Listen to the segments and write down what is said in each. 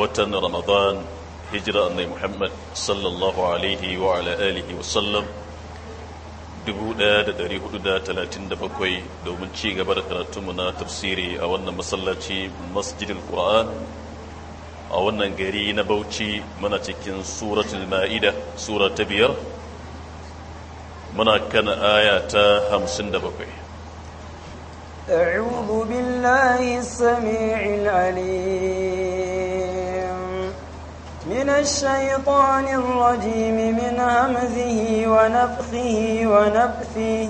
watan ramadan hijira annai muhammad sallallahu alaihi wa ala alihi wasallam 1437 domin ci gaba da karatunmu na tafsiri a wannan masallaci masjidil qur'an a wannan gari na bauchi muna cikin suratul ma'ida sura ta biyar muna kan aya ta 57 أعوذ بالله السميع العليم من الشيطان الرجيم من همزه ونفخه ونفثه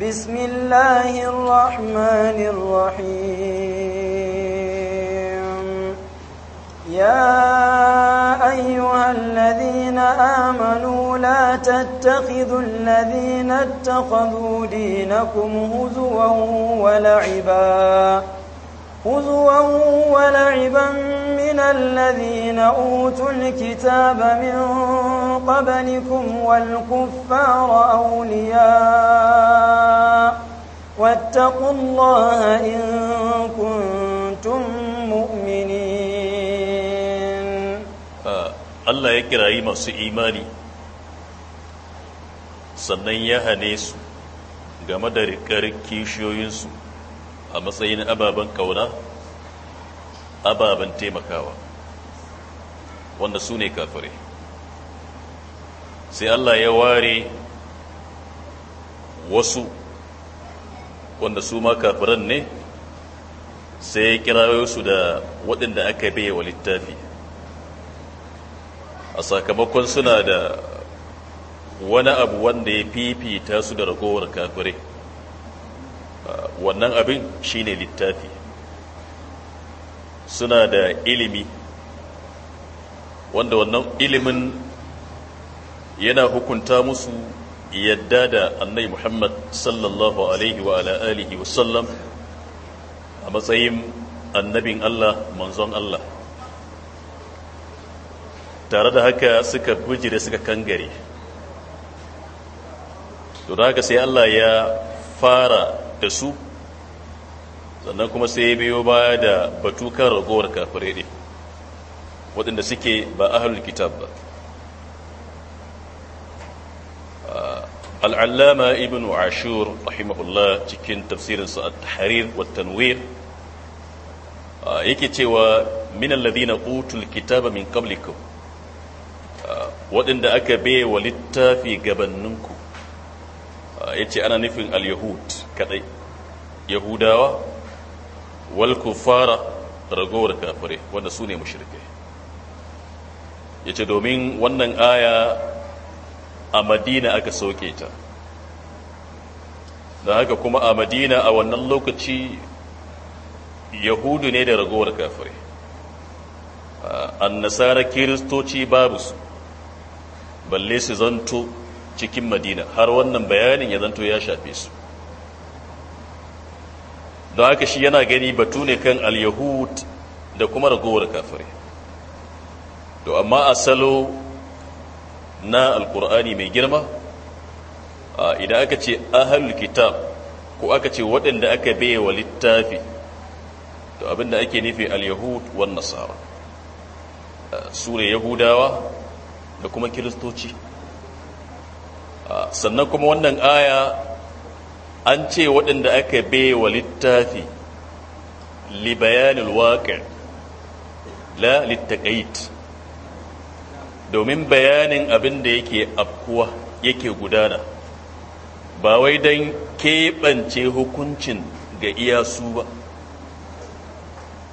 بسم الله الرحمن الرحيم يا أيها الذين آمنوا لا تتخذوا الذين اتخذوا دينكم هزوا ولعباً هزوا ولعبا من الذين أوتوا الكتاب من قبلكم والكفار أولياء واتقوا الله إن كنتم مؤمنين الله يكرهي masu imani sannan ya hane su game da rikar kishiyoyinsu a matsayin ababen kauna ababen taimakawa wanda su ne kafire sai Allah ya ware wasu wanda su ma kafiran ne sai ya kirawo su da waɗanda aka bai wa littafi a sakamakon suna da wani abu wanda ya fifita su da ragowar kafirai wannan abin shine littafi suna da ilimi wanda wannan ilimin yana hukunta musu yadda da annai muhammad sallallahu alaihi wa alihi wasallam a matsayin annabin allah manzon allah tare da haka suka bujire suka kangare to da haka sai allah ya fara da su sannan kuma sai ya biyo baya da batu kan ragowar kafirai ne waɗanda suke ba ahlul kitab ba ah, al'allama ibn ashur rahimahullah cikin tafsirinsa a tahrir wa tanwir ah, yake cewa min alladhina qutul kitaba min qablikum ah, waɗanda aka bai wa littafi gabanninku yace ana nufin al-yahud kadai yahudawa wal kufara ragowar kafare wanda su ne mashirke ya ce domin wannan aya a madina aka soke ta da haka kuma a madina a wannan lokaci yahudu ne da ragowar kafare nasara kiristoci babu su balle su zanto cikin madina har wannan bayanin ya zanto ya shafe su don haka shi yana gani batu ne kan al-yahud da kuma ragowar kafirai to amma asalo na alkur'ani mai girma idan aka ce ahalul kitab ko aka ce waɗanda aka baye wa littafi to abinda ake nufi al-yahud wan nasara sura yahudawa da kuma kiristoci sannan kuma wannan aya an ce waɗanda aka baiwa littafi libayanul waƙi la littaƙait domin bayanin abin da yake afkuwa yake gudana ba wai don keɓance hukuncin ga iya su ba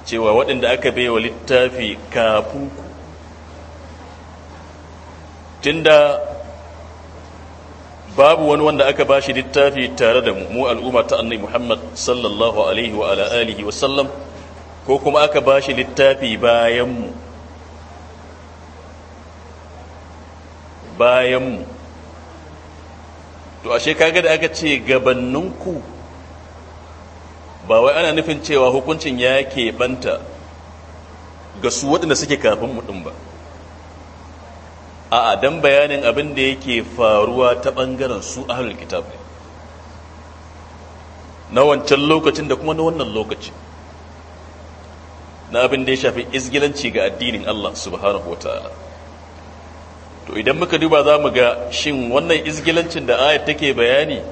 cewa waɗanda aka baiwa littafi kafin ku tunda babu wani wanda aka bashi littafi tare da mu mu al'umma ta annabi Muhammad sallallahu alaihi wa ala wa sallam ko kuma aka bashi littafi bayan mu bayan mu to ashe kaga da aka ce gabanninku ba wai ana nufin cewa hukuncin ya ke banta ga su waɗanda suke kafin mu ɗin ba a'a dan bayanin abin da yake faruwa ta bangaren su ahlul kitab ne na wancan lokacin da kuma na wannan lokaci na abin da ya shafi izgilanci ga addinin Allah subhanahu ta'ala to idan muka duba za mu ga shin wannan izgilancin da ayat take bayani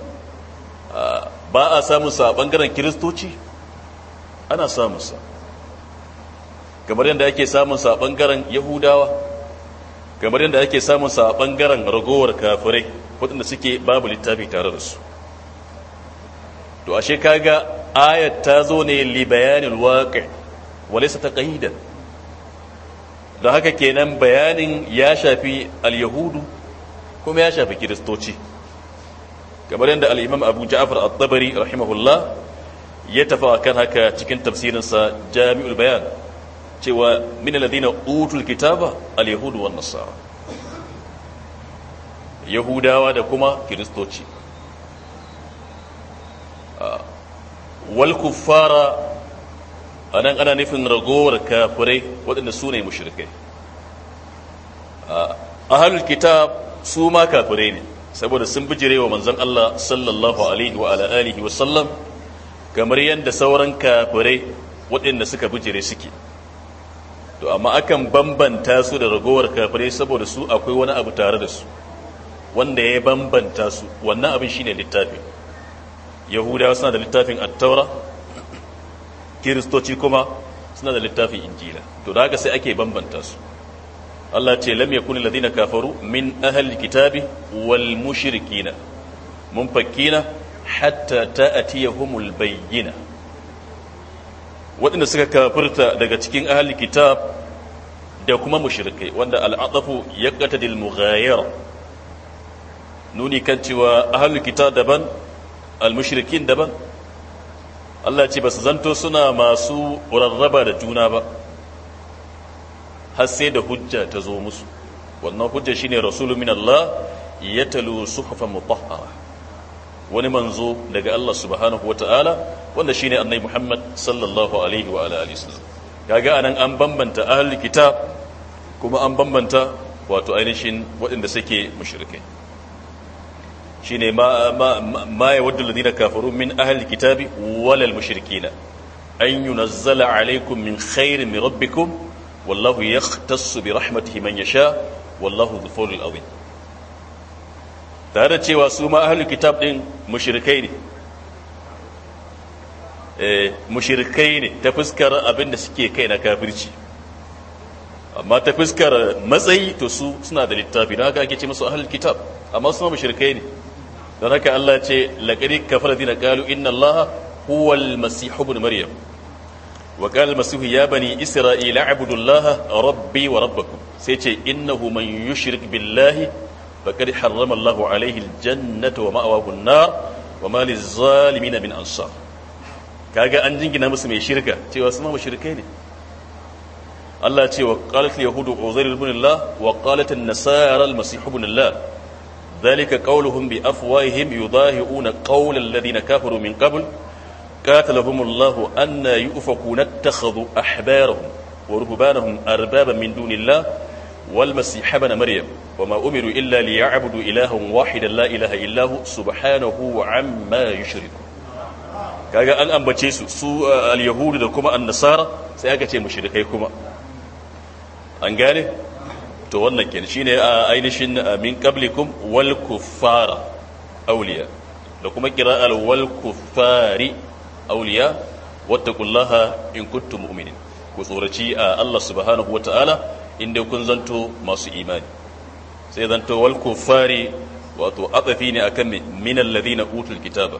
ba a samun sa a bangaren kiristoci ana samun sa kamar yadda ake samun sa a bangaren yahudawa kamar yadda ake samun sa a bangaren ragowar kafirai waɗanda suke babu littafi tare da su to ashe kaga ayat ta zo ne libayanin bayanil waqi ta taqyidan da haka kenan bayanin ya shafi alyahudu kuma ya shafi kiristoci kamar yadda alimam imam Abu Ja'far at-Tabari rahimahullah ya tafi kan haka cikin tafsirinsa Jami'ul Bayan cewa min alladhina utul kitaba al-yahud wan nasara yahudawa da kuma kiristoci ah, wal kuffara anan ana nufin ragowar kafirai waɗanda su ne mushrikai ah, ahlul kitab su ma kafirai ne saboda sun bijire wa manzon Allah sallallahu alaihi wa ala alihi wa sallam kamar yadda sauran kafirai waɗanda suka bijire suke to amma akan bambanta su da ragowar kafirai saboda su akwai wani abu tare da su wanda ya bambanta su wannan abin shine littafin yahudawa suna da littafin attaura kiristoci kuma suna da littafin injila to da haka sai ake bambanta su Allah ce lam yakun alladhina kafaru min ahli kitabi wal mushrikina munfakina hatta ta'tiyahumul bayyinah waɗanda suka kafirta daga cikin ahli kitab da kuma mushrikai wanda al'adafu ya qatadil mughayyir nuni kan cewa ahli kitab daban al-mushrikin daban Allah ce ba su zanto suna masu rarraba da juna ba har sai da hujja ta zo musu wannan hujja shine rasulun min Allah ya suhufan mutahhara wani manzo daga Allah subhanahu ta'ala wanda shi ne annabi Muhammad sallallahu alaihi wa alihi wasallam kaga anan an bambanta ahli kitab kuma an bambanta wato ainihin waɗanda suke mushrikai shine ma ma ma wadda Ladina kafaru min ahli kitabi walal mushrikina an yunazzala alaykum min khairin min rabbikum wallahu yahtassu bi rahmatihi man sha. wallahu dhul fadlil azim tare da cewa su ma ahlul kitab din mushrikai ne eh ne ta fuskar abin da suke kai na kafirci amma ta fuskar matsayi to su suna da littafi don haka ake ce musu ahlul kitab amma su ma mushrikai ne don haka Allah ce laqad kafara dina qalu inna Allah huwa al-masih maryam wa qala al ya bani isra'ila abudullaha rabbi wa rabbakum sai ce innahu man yushrik billahi faqad harrama alaihi aljannata wa ma'awahu nar wa ma lizzalimin min kaga an jingina musu mai shirka cewa su ma mushrikai ne Allah ce wa qalat al-yahudu uzair ibn nasara al-masih ibn Allah ذلك قولهم بأفواههم يضاهئون قول الذين كفروا من قبل قاتلهم الله أن يؤفكون اتخذوا أحبارهم ورهبانهم أربابا من دون الله wal masih ibn maryam wa ma umiru illa liya'budu ilahan wahidan la ilaha illa hu wa kaga an ambace su su al-yahudu da kuma an-nasara sai aka ce mushrikai kuma an gane to wannan kenan shine ainihin min qablikum wal kuffara awliya da kuma qira'al wal kuffari awliya wattaqullaha in kuntum mu'minin ku tsoraci Allah subhanahu wataala inda kun zanto masu imani sai zanto wal kuffari wato atsafi ne akan min alladhina utul kitaba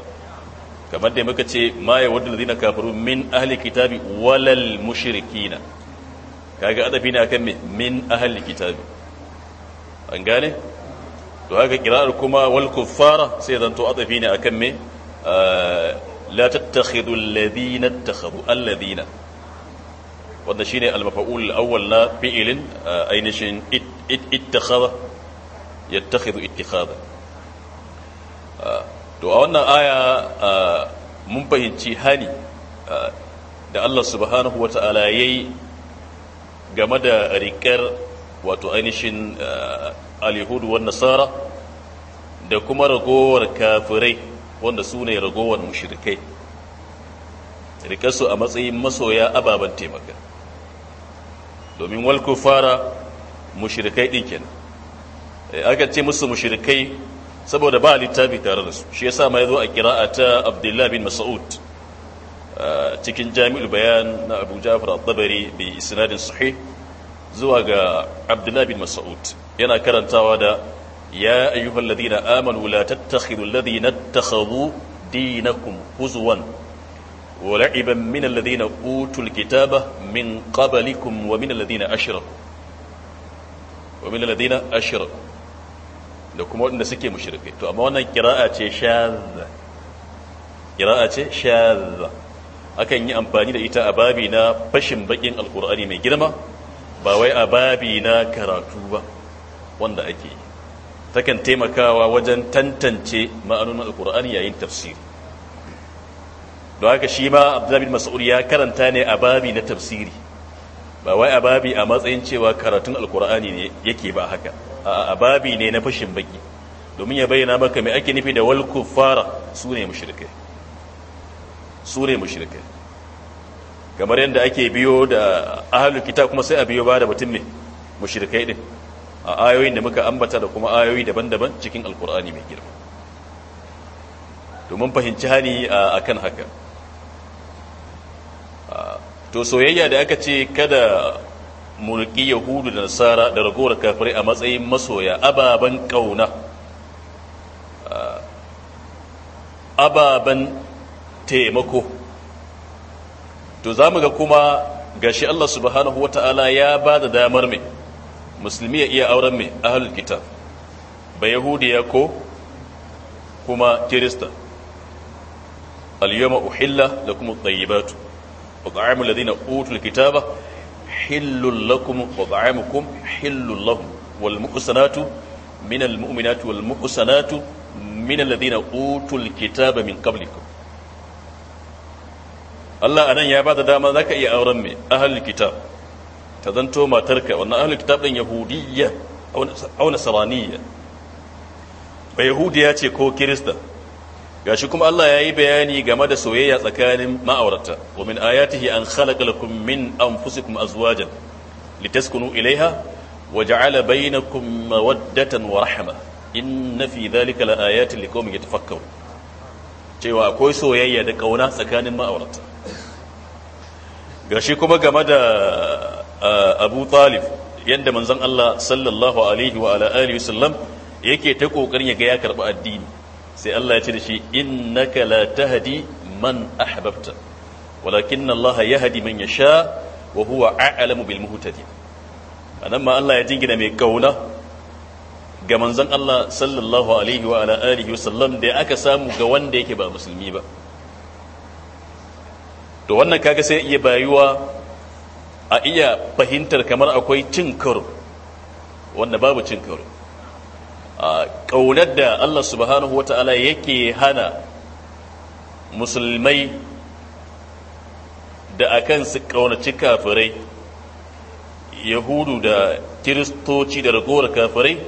kamar da muka ce ma ya wadda alladhina kafaru min ahli kitabi walal mushrikina kaga atsafi ne akan min ahli kitabi an gane to haka kira'ar kuma wal kuffara sai zanto atsafi ne akan me ah, la tattakhidul ladina tattakhadu alladhina wanda shine al-mafa'ul awwal na fi'ilin uh, ainihin ittakhadha yattakhidhu ittikhadha uh, to a wannan aya uh, mun fahimci hali da Allah subhanahu wata'ala yayi game da rikar wato ainihin alihudu yahudu nasara da kuma ragowar kafirai wanda su ne ragowar mushrikai rikarsu a matsayin masoya ababen taimaka domin walku fara mushrikai din kenan eh, aka ce musu mushrikai saboda ba littafi tare da su shi yasa ma yazo a a ta abdullahi bin Mas'ud eh, cikin Jami'ul Bayan na Abu Ja'far al-Tabari bi isnadin sahih zuwa ga abdullahi bin Mas'ud yana karantawa da ya ayyuhal ladina amanu la tattakhidhu alladhina ittakhadhu dinakum huzwan ولعبا من الذين أوتوا الكتاب من قبلكم ومن الذين أشركوا ومن الذين أشركوا لكم وأن سكي مشركين أما وأن قراءة شاذة قراءة شاذة akan yi amfani da ita a fashin baƙin alkur'ani mai girma ba wai a babi karatu ba wanda ake yi takan taimakawa wajen tantance ma'anonin alkur'ani yayin tafsiri don haka shi ma abdullahi bin ya karanta ne a babi na tafsiri ba wai a babi a matsayin cewa karatun alkur'ani ne yake ba haka a babi ne na fashin baki domin ya bayyana maka mai ake nufi da wal kuffara su ne mushrikai su ne mushrikai kamar yadda ake biyo da ahlul kitab kuma sai a biyo ba da mutum ne mushrikai din a ayoyin da muka ambata da kuma ayoyi daban-daban cikin alkur'ani mai girma domin fahimci a akan haka to soyayya da aka ce kada mulki yahudu da nasara da ragowar kafirai a matsayin masoya ababen kauna ah, ababen taimako to za mu ga kuma gashi Allah subhanahu wata'ala ya ba da damar mai musulmi ya iya auren mai ahalul kitab ba yahudiya ko kuma kirista al-yawma uhilla lakum at-tayyibatu wa ta'amul ladina utul kitaba hillul lakum wa ta'amukum hillul lahum wal muhsanatu min al mu'minati wal muhsanatu min alladhina utul kitaba min qablikum Allah anan ya bada dama zaka iya auren me ahlul kitab ta zanto matarka wannan ahlul kitab din yahudiya ce ko kirista gashi kuma Allah ya yi bayani game da soyayya tsakanin ma'aurata wa min ayatihi an khalaqa lakum min anfusikum azwajan litaskunu ilaiha wa ja'ala bainakum mawaddatan wa rahma inna fi dhalika laayatin liqaumin yatafakkarun cewa akwai soyayya da kauna tsakanin ma'aurata gashi kuma game da Abu Talib yanda manzon Allah sallallahu alaihi wa ala alihi wasallam yake ta kokarin ya ga ya karba addini sai Allah ya ce da shi innaka la tahdi man ahbabta walakin Allah yahdi man yasha wa huwa a'lamu bil muhtadin anan ma Allah ya jingina mai kauna ga manzon Allah sallallahu alaihi wa ala alihi wasallam da aka samu ga wanda yake ba musulmi ba to wannan kaga sai iya bayuwa a iya fahimtar kamar akwai cin karo wanda babu cin karo ƙaunar da Allah subhanahu wa ta'ala yake hana musulmai da akan su ƙaunaci kafirai yahudu da kiristoci da ragowar kafirai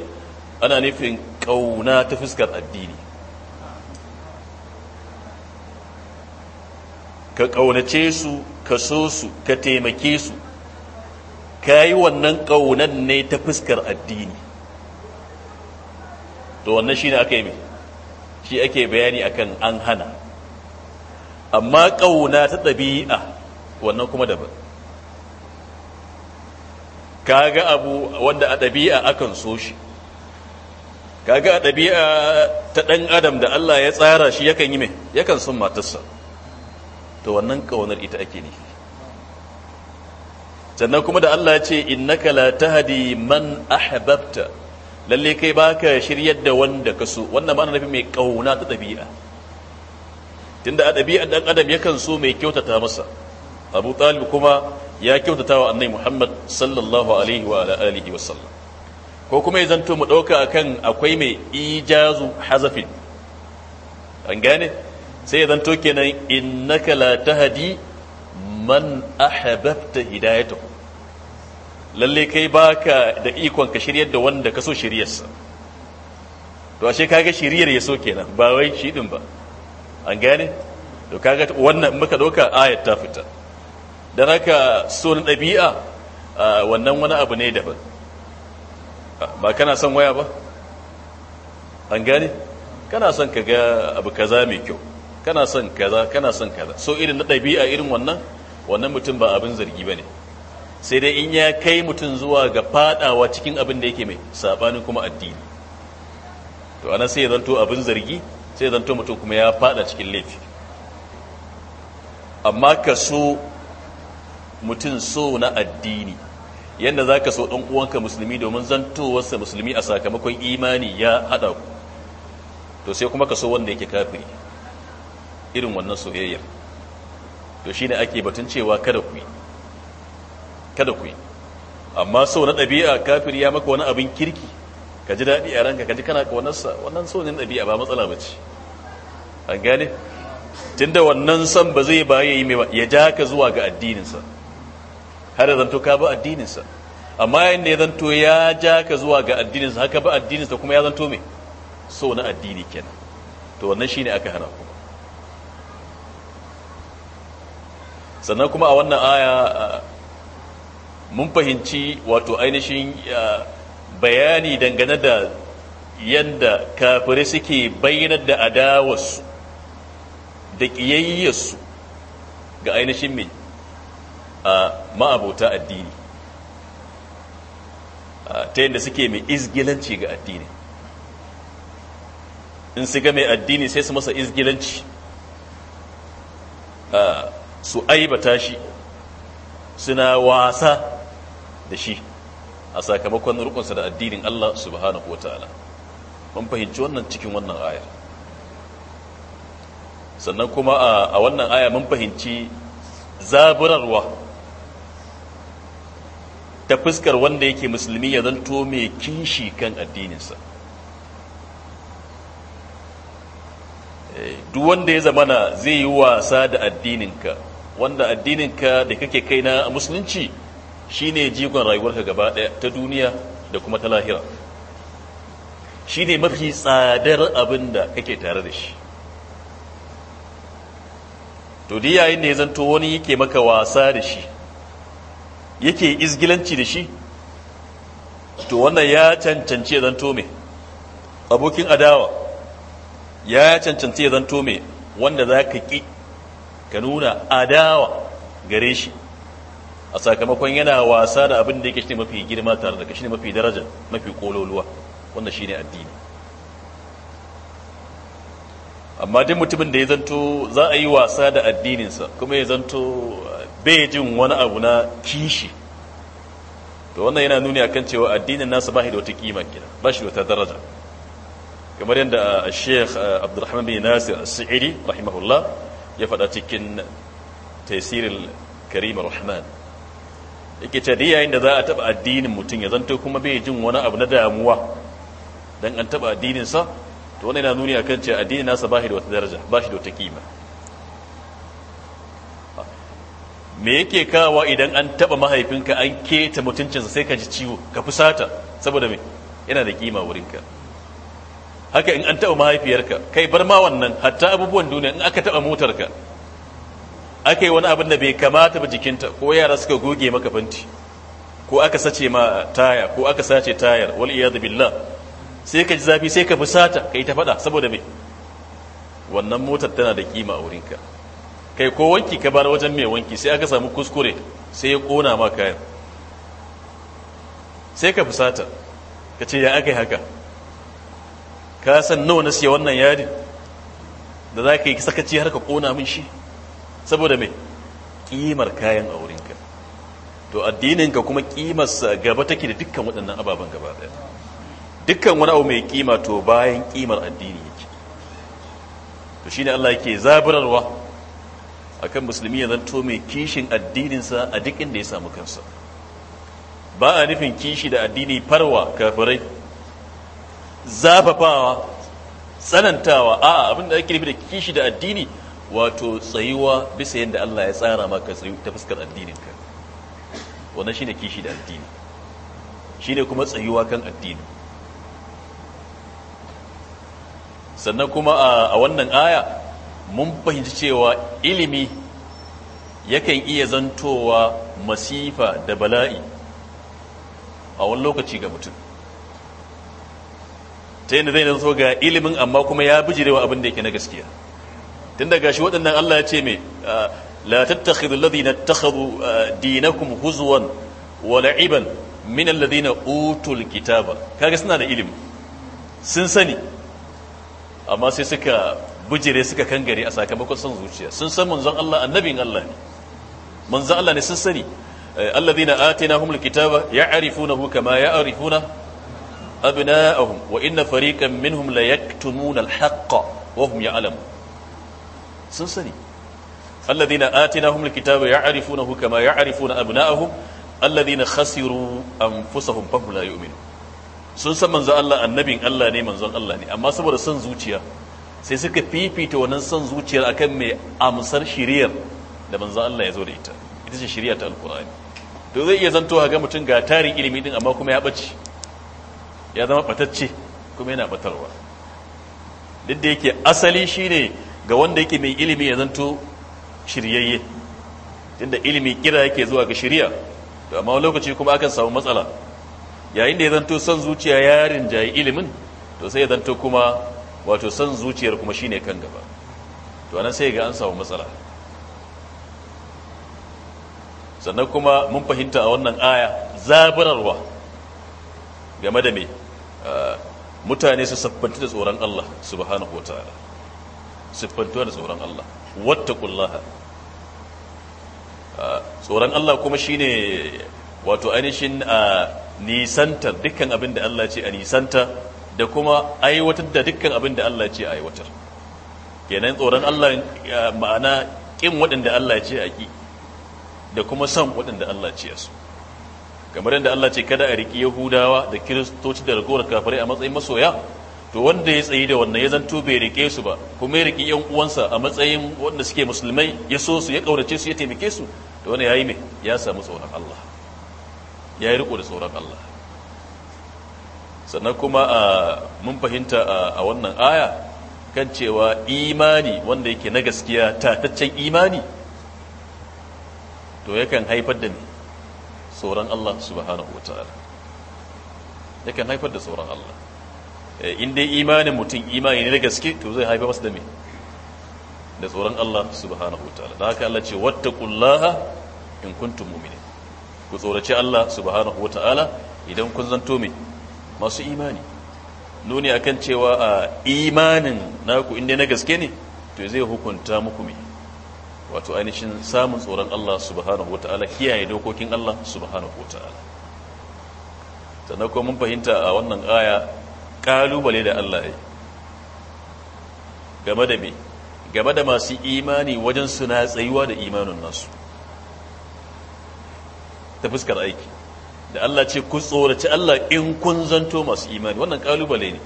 ana nufin ƙauna ta fuskar addini ka ƙaunace su ka so su ka taimake su ka yi wannan ƙaunar ne ta fuskar addini to wannan shine aka yi shi ake bayani akan an hana amma ƙauna ta ɗabi'a wannan kuma daban kaga abu wanda a ɗabi'a akan so shi kaga a ɗabi'a ta ɗan adam da Allah ya tsara shi yakan yi mai yakan sun matarsa to wannan ƙaunar ita ake ne sannan kuma da Allah ya ce innaka la tahdi man ahbabta lalle kai baka shiryar da wanda ka so wannan ma nabi mai kauna ta ɗabi'a, tunda a ɗabi'a ɗan adam yakan so mai kyautata masa Abu Talib kuma ya kyautata wa Annabi Muhammad sallallahu alaihi wa ala wa sallam. ko kuma ya zanto mu ɗauka akan akwai mai ijazu hazafin an gane sai ya zanto kenan innaka la tahdi man ahbabta hidayatahu lalle kai baka da ikon ka shiryar da wanda ka so shiryarsa to ashe kaga shiryar ya so kenan ba wai shi din ba an gane to kaga wannan muka doka ayat ta fita dan haka so na dabi'a wannan wani abu ne daban ba kana son waya ba an gane kana son ka ga abu kaza mai kyau kana son kaza kana son kaza so irin na dabi'a irin wannan wannan mutum ba abin zargi bane ne sai dai in ya kai mutum zuwa ga fadawa cikin abin da yake mai sabanin kuma addini to ana sai zanto abin zargi sai zanto mutum kuma ya fada cikin laifi amma ka so mutum so na addini yadda za ka so ɗan uwanka musulmi domin wasu musulmi a sakamakon imani ya haɗa ku to sai kuma ka so wanda yake kafiri irin wannan soyayyar to shine ake batun cewa kada ku yi kada ku yi amma so na ɗabi'a kafir ya maka wani abin kirki ka ji daɗi a ranka ka ji kana ƙaunarsa wannan so ne ɗabi'a ba matsala ba ce an gane da wannan san ba zai ba ya yi mai ba ya ja ka zuwa ga addininsa har da zanto ka ba addininsa amma yin da ya zanto ya ja ka zuwa ga addininsa haka ba addininsa kuma ya zanto mai so na addini kenan to wannan shi ne aka hana ku. sannan kuma a wannan aya mun fahimci wato ainihin bayani dangane da yadda kafirai suke bayyanar da adawarsu da ƙiyayyarsu ga ainihin mai a ma'abota addini ta yadda suke mai izgilanci ga addini in su ga mai addini sai su masa izgilanci su aibata shi suna wasa da shi a sakamakon rukunsa da addinin Allah subhanahu wa ta'ala mun fahimci wannan cikin wannan ayar sannan kuma a wannan aya mun fahimci zaburarwa ta fuskar wanda yake musulmi ya zanto mai kinshi kan addininsa eh, duk wanda ya zamana zai yi wasa da addininka wanda addininka da kake kai na musulunci Shi shine jigon rayuwarka gaba ɗaya ta duniya da kuma ta lahira Shi ne mafi tsadar abin da kake tare da shi to duk yayin da ya zanto wani yake maka wasa da shi yake izgilanci da shi to wannan ya cancanci ya zanto mai abokin adawa ya cancanci ya zanto mai wanda za ka ƙi ka nuna adawa gare shi a sakamakon yana wasa da abin da yake shine mafi girma tare da shine mafi daraja mafi kololuwa wannan shine addini amma duk mutumin da ya zanto za a yi wasa da addininsa kuma ya zanto bai jin wani abu na kishi to wannan yana nuni akan cewa addinin nasa ba shi da wata kima ba shi da wata daraja kamar yadda uh, Sheikh uh, Abdulrahman bin Nasir As-Sa'idi rahimahullah ya faɗa cikin tasirin Karim Rahman yake ce da yayin da za a taba addinin mutum ya zanto kuma bai jin wani abu na damuwa dan an taba addinin sa to wannan yana nuni akan cewa addinin nasa ba shi da wata daraja ba shi da wata kima me yake kawa idan an taba mahaifinka an keta mutuncinsa sai ka ji ciwo ka fusata saboda me yana da kima wurinka haka in an taba mahaifiyarka kai bar ma wannan hatta abubuwan duniya in aka taba motarka aka yi wani abin da bai kamata ba jikinta ko yara suka goge maka fanti ko aka sace ma taya ko aka sace tayar wal iyad billah sai ka ji zafi sai ka fusata kai ta fada saboda me wannan motar tana da kima a wurinka kai ko wanki ka bar wajen mai wanki sai aka samu kuskure sai ya kona ma kayan sai ka fusata ka ce ya aka yi haka ka san nawa na siya wannan yadin da za ka yi sakaci har ka kona min shi saboda mai ƙimar kayan wurinka to addininka kuma ƙimarsa gaba take da dukkan waɗannan ababen gaba ɗaya dukkan wani abu mai ƙima to bayan kimar addini yake to shine Allah yake zaburarwa kan musulmi ya zanto mai kishin addininsa a duk inda ya samu kansa ba a nufin kishi da addini farwa kafirai zafafawa tsanantawa a abin da ake nufi da kishi da addini wato tsayuwa bisa yadda Allah ya tsara maka tsayu ta fuskar addininka wannan shine kishi da addini shine kuma tsayuwa kan addini sannan kuma a wannan aya mun fahimci cewa ilimi yakan iya zantowa masifa da bala'i a wani lokaci ga mutum ta yadda zai zanto ga ilimin amma kuma ya bijirewa abin da yake na gaskiya tunda gashi waɗannan Allah ya ce me ah, la tattakhidhu alladhina ittakhadhu ah, dinakum huzwan wa la'iban min alladhina utul kitaba kaga suna da ilim. sun sani amma sai suka bujire suka kangare a sakamakon son zuciya sun san munzan Allah annabin Allah ne manzon Allah ne sun sani eh, alladhina atainahumul kitaba ya'rifunahu kama ya'rifuna abna'ahum wa inna fariqan minhum la yaktumuna al-haqqa wa hum ya'lamun sun sani alladhina atinahum alkitaba ya'rifunahu kama ya'rifuna abna'ahum alladhina khasiru anfusahum fa la yu'minun sun san Allah annabin Allah ne Allah ne amma saboda san zuciya sai suka fifita wannan san zuciyar akan mai amsar shiriyar da Allah ya zo da ita ita ce shiriya ta alqur'ani to zai iya zanto ga mutum ga tarin ilimi din amma kuma ya bace ya zama batacce kuma yana batarwa duk da yake asali shine ga wanda yake mai ilimi ya zanto shiryayye tunda ilimi kira yake zuwa ga shirya to amma lokaci kuma akan samu matsala yayin da ya zanto san zuciya ya rinjayi ilimin to sai ya zanto kuma wato son zuciyar kuma shine kan gaba to anan sai ga an samu matsala sannan kuma mun fahimta a wannan aya zaburarwa game da me ah, mutane su sabbanta da tsoron Allah subhanahu wataala siffantuwa da tsoron Allah wattaqullaha ah, tsoron Allah kuma shine wato ainihin a ah, nisantar dukkan abin da Allah ce a nisanta da kuma aiwatar da dukkan abin da Allah ce a aiwatar kenan tsoron Allah ah, ma'ana kin waɗanda Allah ce a ƙi, da kuma son waɗanda Allah ce a su kamar yadda Allah ce kada a riƙi Yahudawa da Kiristoci da ragowar kafirai a matsayin masoya to wanda ya tsayi da wannan ya zanto bai rike su ba kuma ya rike yan uwansa a matsayin wanda suke musulmai ya so su ya kaurace su ya taimake su to wani yayi me ya samu tsoron Allah ya yi riko da tsoron Allah sannan kuma a mun fahimta a wannan aya kan cewa imani wanda yake na gaskiya tataccen imani to yakan haifar da ni tsoron Allah subhanahu wataala yakan haifar da tsoron Allah Eh, in dai imanin mutum imani ne na gaske to zai haifar masu da me da tsoron Allah subhanahu ta'ala. da haka Allah ce wattaqullaha in kuntum mu'minin ku tsorace Allah subhanahu ta'ala idan kun zanto me masu imani nuni akan cewa a imanin naku inda na gaske ne to zai hukunta muku me wato ainihin samun tsoron Allah subhanahu ta'ala kiyaye dokokin Allah subhanahu ta'ala. sannan kuma mun fahimta a wannan aya ƙalubale da Allah ya game da me game da masu imani wajen suna tsayuwa da imanin nasu ta fuskar aiki da Allah ce ku tsoraci Allah in kun zanto masu imani wannan ƙalubale ne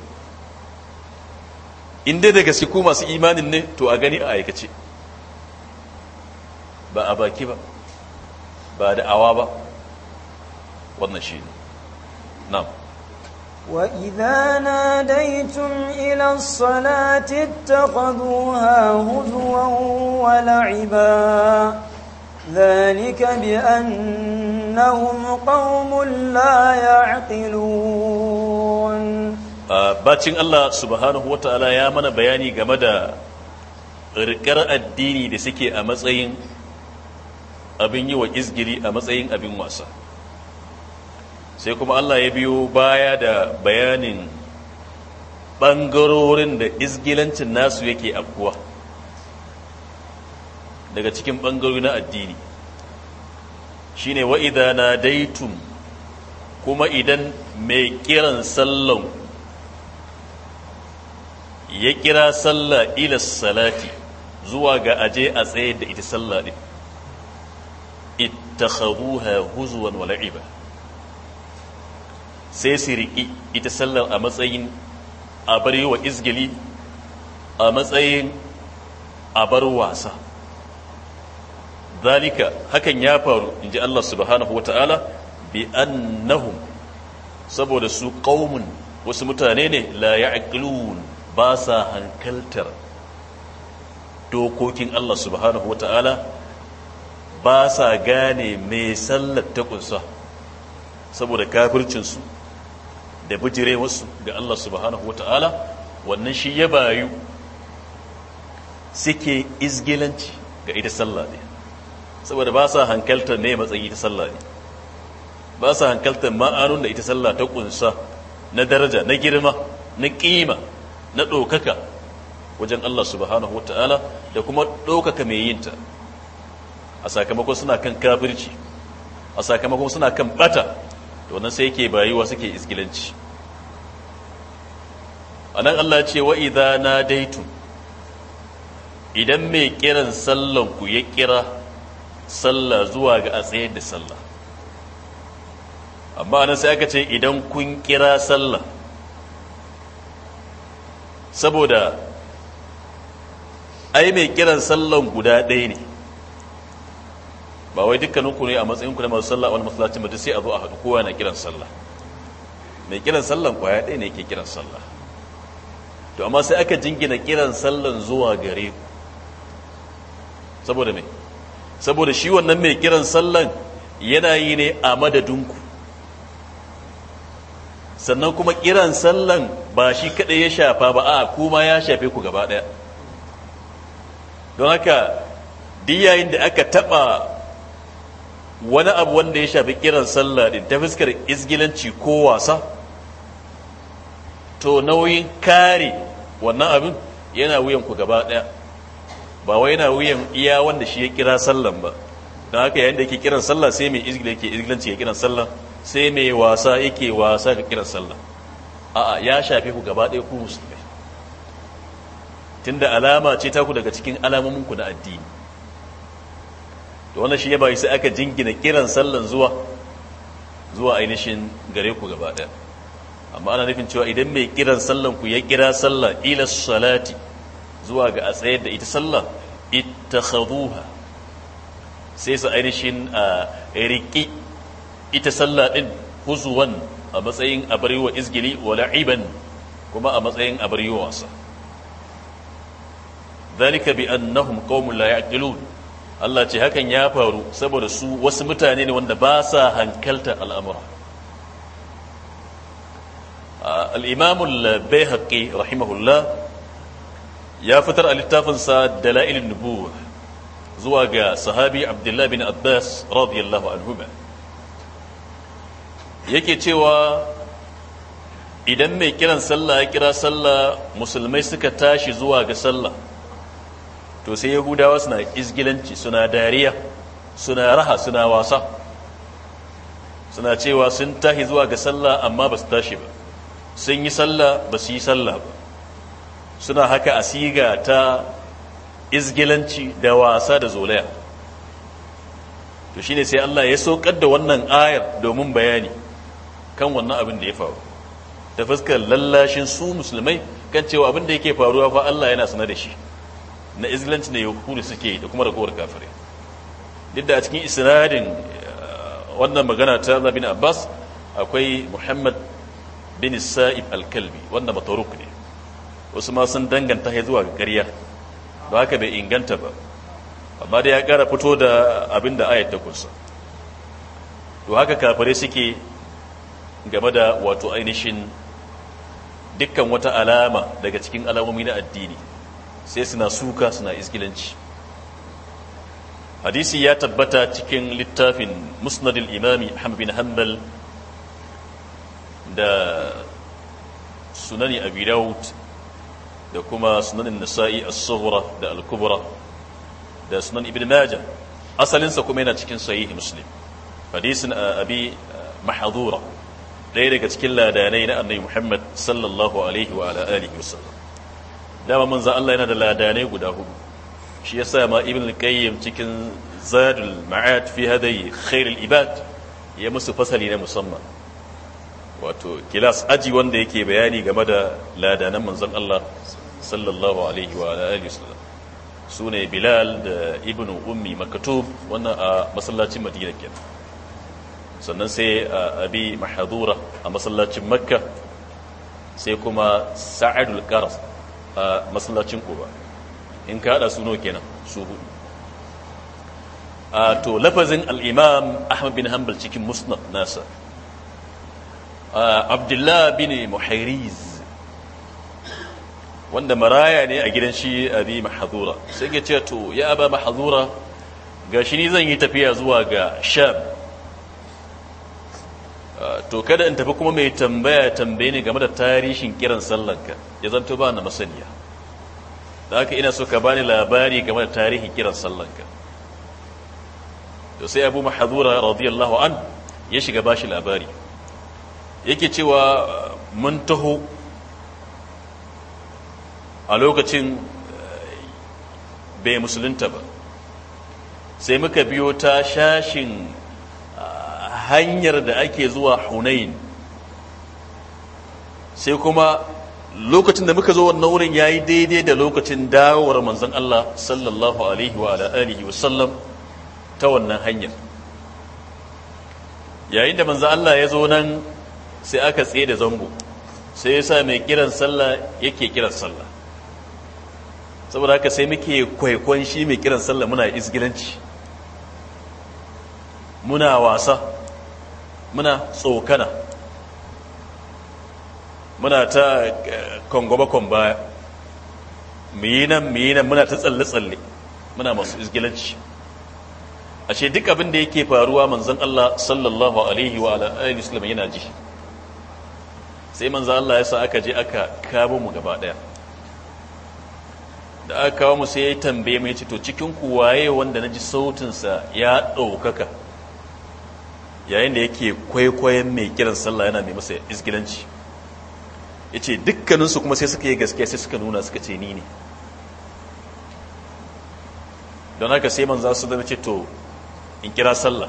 in dai daga siku masu imanin ne to a gani a aikace ba a baki ba ba da awa ba wannan shi ne na'am وإذا ناديتم إلى الصلاة اتخذوها هزوا ولعبا ذلك بأنهم قوم لا يعقلون bacin Allah subhanahu wa ta'ala ya mana bayani game da rikar addini da suke a matsayin abin yi wa izgiri a matsayin abin wasa sai kuma Allah ya biyo baya da bayanin ɓangarorin da izgilancin nasu yake afkuwa daga cikin ɓangarori na addini shine wa'ida na daitun kuma idan mai kiran sallon ya kira sallah ila salati zuwa ga aje a tsaye da ita sallah din ittakhaduha huzwan wa sai su riƙi ita sallar a matsayin a bar wa izgili a matsayin a bar wasa zalika hakan ya faru in ji Allah subhanahu wata'ala bi annahum saboda su qaumun wasu mutane ne la ya'qilun ba sa hankaltar dokokin Allah subhanahu wata'ala ba sa gane mai sallar ta kunsa saboda kafircinsu da bijire wasu ga Allah subhanahu wata'ala wannan shi ya bayu suke izgilanci ga ita sallah ne saboda ba sa hankaltar ne matsayi ta sallah ne ba sa hankaltar ma'anun da ita sallah ta kunsa na daraja na girma na kima na ɗaukaka wajen Allah subhanahu wata'ala da kuma ɗaukaka mai yinta a sakamakon suna kan kafirci a sakamakon suna kan bata to nan sai yake bayuwa suke iskilanci anan Allah ce wa idza nadaitu idan mai kiran sallan ku ya kira sallah zuwa ga a tsayar da sallah amma anan sai aka ce idan kun kira sallah saboda ai mai kiran sallan guda ɗaya ne ba wai dukkanin ku ne a matsayin ku na masu sallah wani masallacin ba sai a zo a haɗu kowa na kiran sallah mai kiran sallan kwaya ɗaya ne ke kiran sallah to amma sai aka jingina kiran sallan zuwa gare ku saboda me saboda shi wannan mai kiran sallan yana yi ne a madadin ku sannan kuma kiran sallan ba shi kaɗai ya shafa ba a kuma ya shafe ku gaba ɗaya don haka duk yayin da aka taɓa wani abu wanda ya shafi kiran sallah din ta fuskar izgilanci ko wasa to nauyin kare wannan abin yana wuyan ku gaba daya ba wai yana wuyan iya wanda shi ya kira sallan ba don haka yayin da yake kiran sallah sai mai izgila yake izgilanci ya kiran sallah sai mai wasa yake wasa ga kiran sallah a'a ya shafi ku gaba daya ku musulmai tunda alama ce ta ku daga cikin alamomin ku na addini to wannan shi ya bayi sai aka jingina kiran sallan zuwa zuwa ainihin gare ku gaba amma ana nufin cewa idan mai kiran sallan ku ya kira sallah ila salati zuwa ga a tsayar da ita sallah ittakhaduha sai su ainihin a riƙi ita sallah ɗin huzuwan a matsayin abariwa izgili wa la'iban kuma a matsayin abariwa wasa ذلك بأنهم قوم لا يعقلون Allah ce hakan ya faru saboda su wasu mutane ne wanda ba sa hankalta al'amura al'imamul bai haƙi rahimahullah ya fitar a littafinsa dala'ilin nubuwa zuwa ga sahabi abdullahi bin abbas radiyallahu anhuma yake cewa idan mai kiran sallah ya kira sallah musulmai suka tashi zuwa ga sallah to sai yahudawa suna izgilanci suna dariya suna raha suna wasa suna cewa sun tahi zuwa ga sallah amma ba su tashi ba sun yi sallah ba su yi sallah ba suna haka asiga ta izgilanci da wasa da zolaya to shine sai Allah ya saukar da wannan ayar domin bayani kan wannan abin da ya faru ta fuskar lallashin su musulmai kan cewa abin da yake faruwa fa Allah yana sanar da shi na izgilanci ne yahudu suke da kuma ragowar kafirai duk da a cikin isnadin eh, wannan magana ta zabi na abbas akwai muhammad bin sa'ib alkalbi wanda mataruk ne wasu ma sun danganta ya zuwa gariya ba haka bai inganta ba amma da ya kara fito da abin da ayat ta kunsa to haka kafare suke game da wato ainihin dukkan wata alama daga cikin alamomi na addini sai suna suka suna isgilanci hadisi ya tabbata cikin littafin musnadil imami ahmad bin hanbal da sunani abi daud da kuma sunanin nasa'i as-sughra da al-kubra da sunan ibn majah asalinsa kuma yana cikin sahih muslim hadisin uh, abi uh, mahdura ɗaya daga cikin ladanai na annabi muhammad sallallahu alaihi wa alihi sallam. dama manzo Allah yana da ladane guda hudu shi yasa ma ibn al-qayyim cikin zadul ma'ad fi hadayi khairul ibad ya musu fasali na musamman wato kilas aji wanda yake bayani game da ladanan manzon Allah sallallahu alaihi wa alihi wasallam sune Bilal da Ibn Ummi Maktub wannan a masallacin Madina kenan sannan sai Abi Mahdura a masallacin Makka sai kuma Sa'idul Qaras a masallacin kuba in ka hada suno kenan su hudu a to lafazin al'imam ahmad bin hanbal cikin musnad nasa abdullah bin muhairiz wanda maraya ne a gidan shi bi mahazura sai ya ce to ya ba mahazura ga shi ni zan yi tafiya zuwa ga sham to kada in tafi kuma mai tambaya tambaye ne game da tarihin kiran sallanka ya zanto ba na masaniya da haka ina so ka bani labari game da tarihin kiran sallanka to sai abu mahadura radiyallahu an ya shiga bashi labari yake cewa mun taho a lokacin eh, bai musulunta ba sai muka biyo ta shashin hanyar da ake zuwa hunayin sai kuma lokacin da muka zo wannan wurin ya yi daidai da lokacin dawowar manzan Allah sallallahu alaihi wa alihi wasallam ta wannan hanyar yayin da manzan Allah ya zo nan sai aka tsaye da zango sai ya sa mai kiran sallah yake kiran sallah saboda haka sai muke kwaikon shi mai kiran sallah muna izgilanci muna wasa muna tsokana muna ta eh, kwangwabakon baya mu yi nan mu yi nan muna ta tsalle-tsalle muna masu izgilanci ashe duk abin da yake faruwa manzan Allah sallallahu alaihi wa alaihi wasallam yana ji sai manzan Allah ya sa aka je aka kamo mu gaba daya da aka kawo mu sai ya tambaye mu ce to cikin ku waye wanda na ji sautinsa ya ɗaukaka yayin da yake kwaikwayon mai kiran sallah yana mai masa isgilanci ya ce dukkaninsu kuma sai suka yi gaskiya sai suka nuna suka ce ni ne don haka sai man za su zama ce to in kira sallah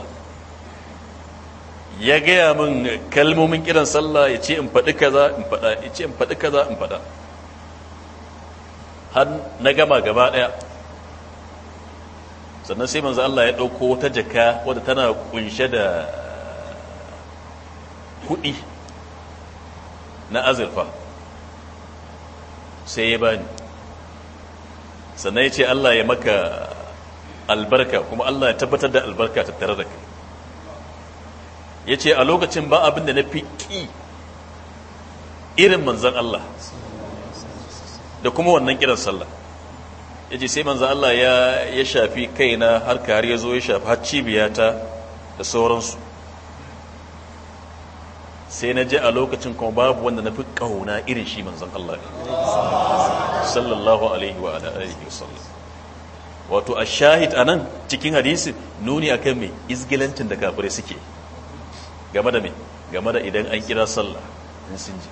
ya gaya min kalmomin kiran sallah ya ce in faɗi kaza in faɗa ya ce in faɗi kaza in faɗa har na gama gaba ɗaya sannan sai manzo Allah ya ɗauko wata jaka wadda tana kunshe da kuɗi na azurfa sai ya bani sannan ya ce Allah ya maka albarka kuma Allah ya tabbatar da albarka tare da kai ya ce a lokacin ba abin da na fi ƙi irin manzan Allah da kuma wannan kiran sallah ya ce sai manzan Allah ya shafi kaina har har ya zo ya shafi har cibiyata da sauransu sai na je a lokacin kuma babu wanda na fi ƙauna irin shi manzan Allah ne sallallahu alaihi wa alaihi wa sallam wato a shahid a nan cikin hadisi nuni a kan mai izgilancin da kafirai suke game da mai game da idan an kira sallah in sun ji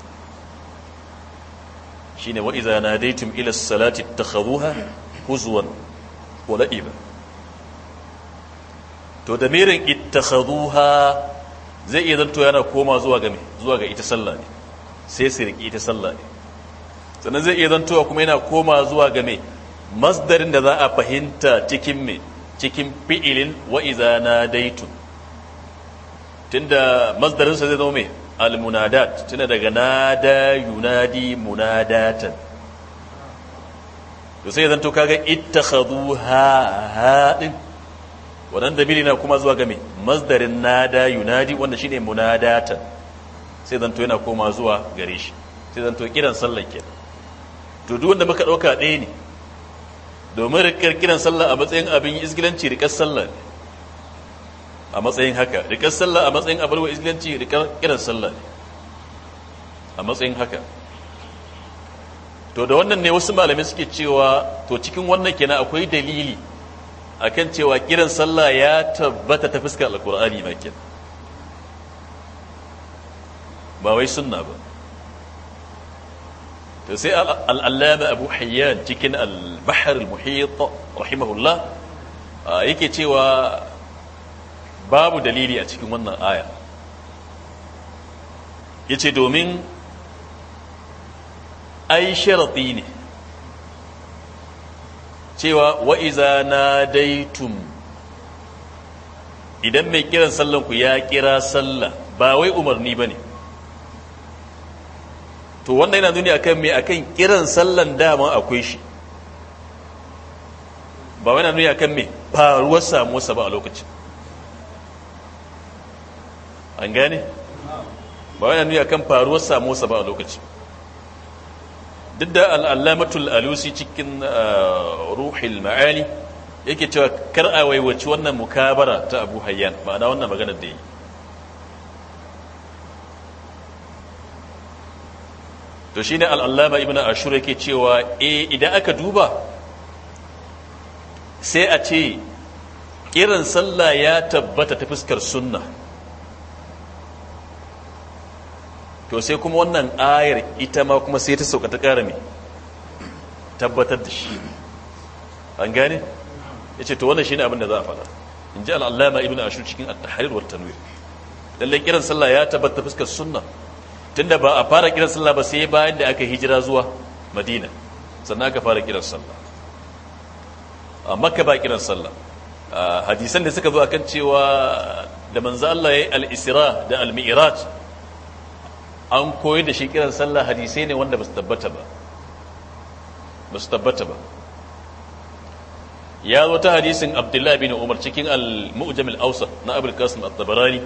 shi ne wa'iza na daitin ilas salati ta haruha huzuwan wala'iba to da merin ita haruha zai iya zanto yana koma zuwa ga zuwa ga ita sallah ne sai su riƙi ita sallah ne sannan zai iya zanto kuma yana koma zuwa ga me masdarin da za a fahimta cikin me cikin fi'ilin wa iza daitu tunda masdarin sa zai zama me almunadat tunda daga nada yunadi munadatan to sai zanto kaga ittakhadhu ha ha din wannan damiri na kuma zuwa game mazdarin nada yunadi wanda shine munadatan sai zanto yana koma zuwa gare shi sai zanto kiran sallar kenan to duk wanda muka dauka ɗaya ne domin rikar kiran sallah a matsayin abin izgilanci rikar sallah a matsayin haka rikar sallah a matsayin abin izgilanci rikar kiran sallah a matsayin haka to da wannan ne wasu malamai suke cewa to cikin wannan kenan akwai dalili akan cewa kiran sallah ya tabbata ta fuskar alkur'ani makin ba wai sunna ba to sai al'allama abu hayyan cikin al-bahar al-muhit rahimahullah yake cewa babu dalili a cikin wannan aya yace domin ai sharati ne cewa wa'iza na daitun idan mai kiran sallanku ya kira sallah ba wai umarni ba ne to wannan yana nuni akan mai akan kiran sallan dama akwai shi ba wani nuni akan mai faruwar samuwarsa ba a lokacin an gane ba wani nuni akan faruwar samuwarsa ba a lokacin duk da al'allamatul alusi cikin uh, ruhil ma'ali yake cewa kar a waiwaci wannan mukabara ta abu hayyan ma'ana wannan maganar da yi to shi ne al'allama ibn ashur yake cewa e idan aka duba sai a ce kiran sallah ya tabbata ta fuskar sunna to sai kuma wannan ayar ita ma kuma sai ta sauka ta ƙara ne tabbatar da shi an gane ya ce to wannan shi ne abin da za a faɗa in ji al'allama ibn ashur cikin at-tahrir wa lallai kiran sallah ya tabbata fuskar sunna tunda ba a fara kiran sallah ba sai bayan da aka hijira zuwa madina sannan aka fara kiran sallah a makka ba kiran sallah hadisan da suka zo akan cewa da manzo Allah ya yi al-isra da al-mi'raj an koyi da shi kiran sallah hadisai ne wanda ba su tabbata ba ya zo ta hadisin abdullahi bin umar cikin al-mu'jam al-awsat na abul qasim at-tabarani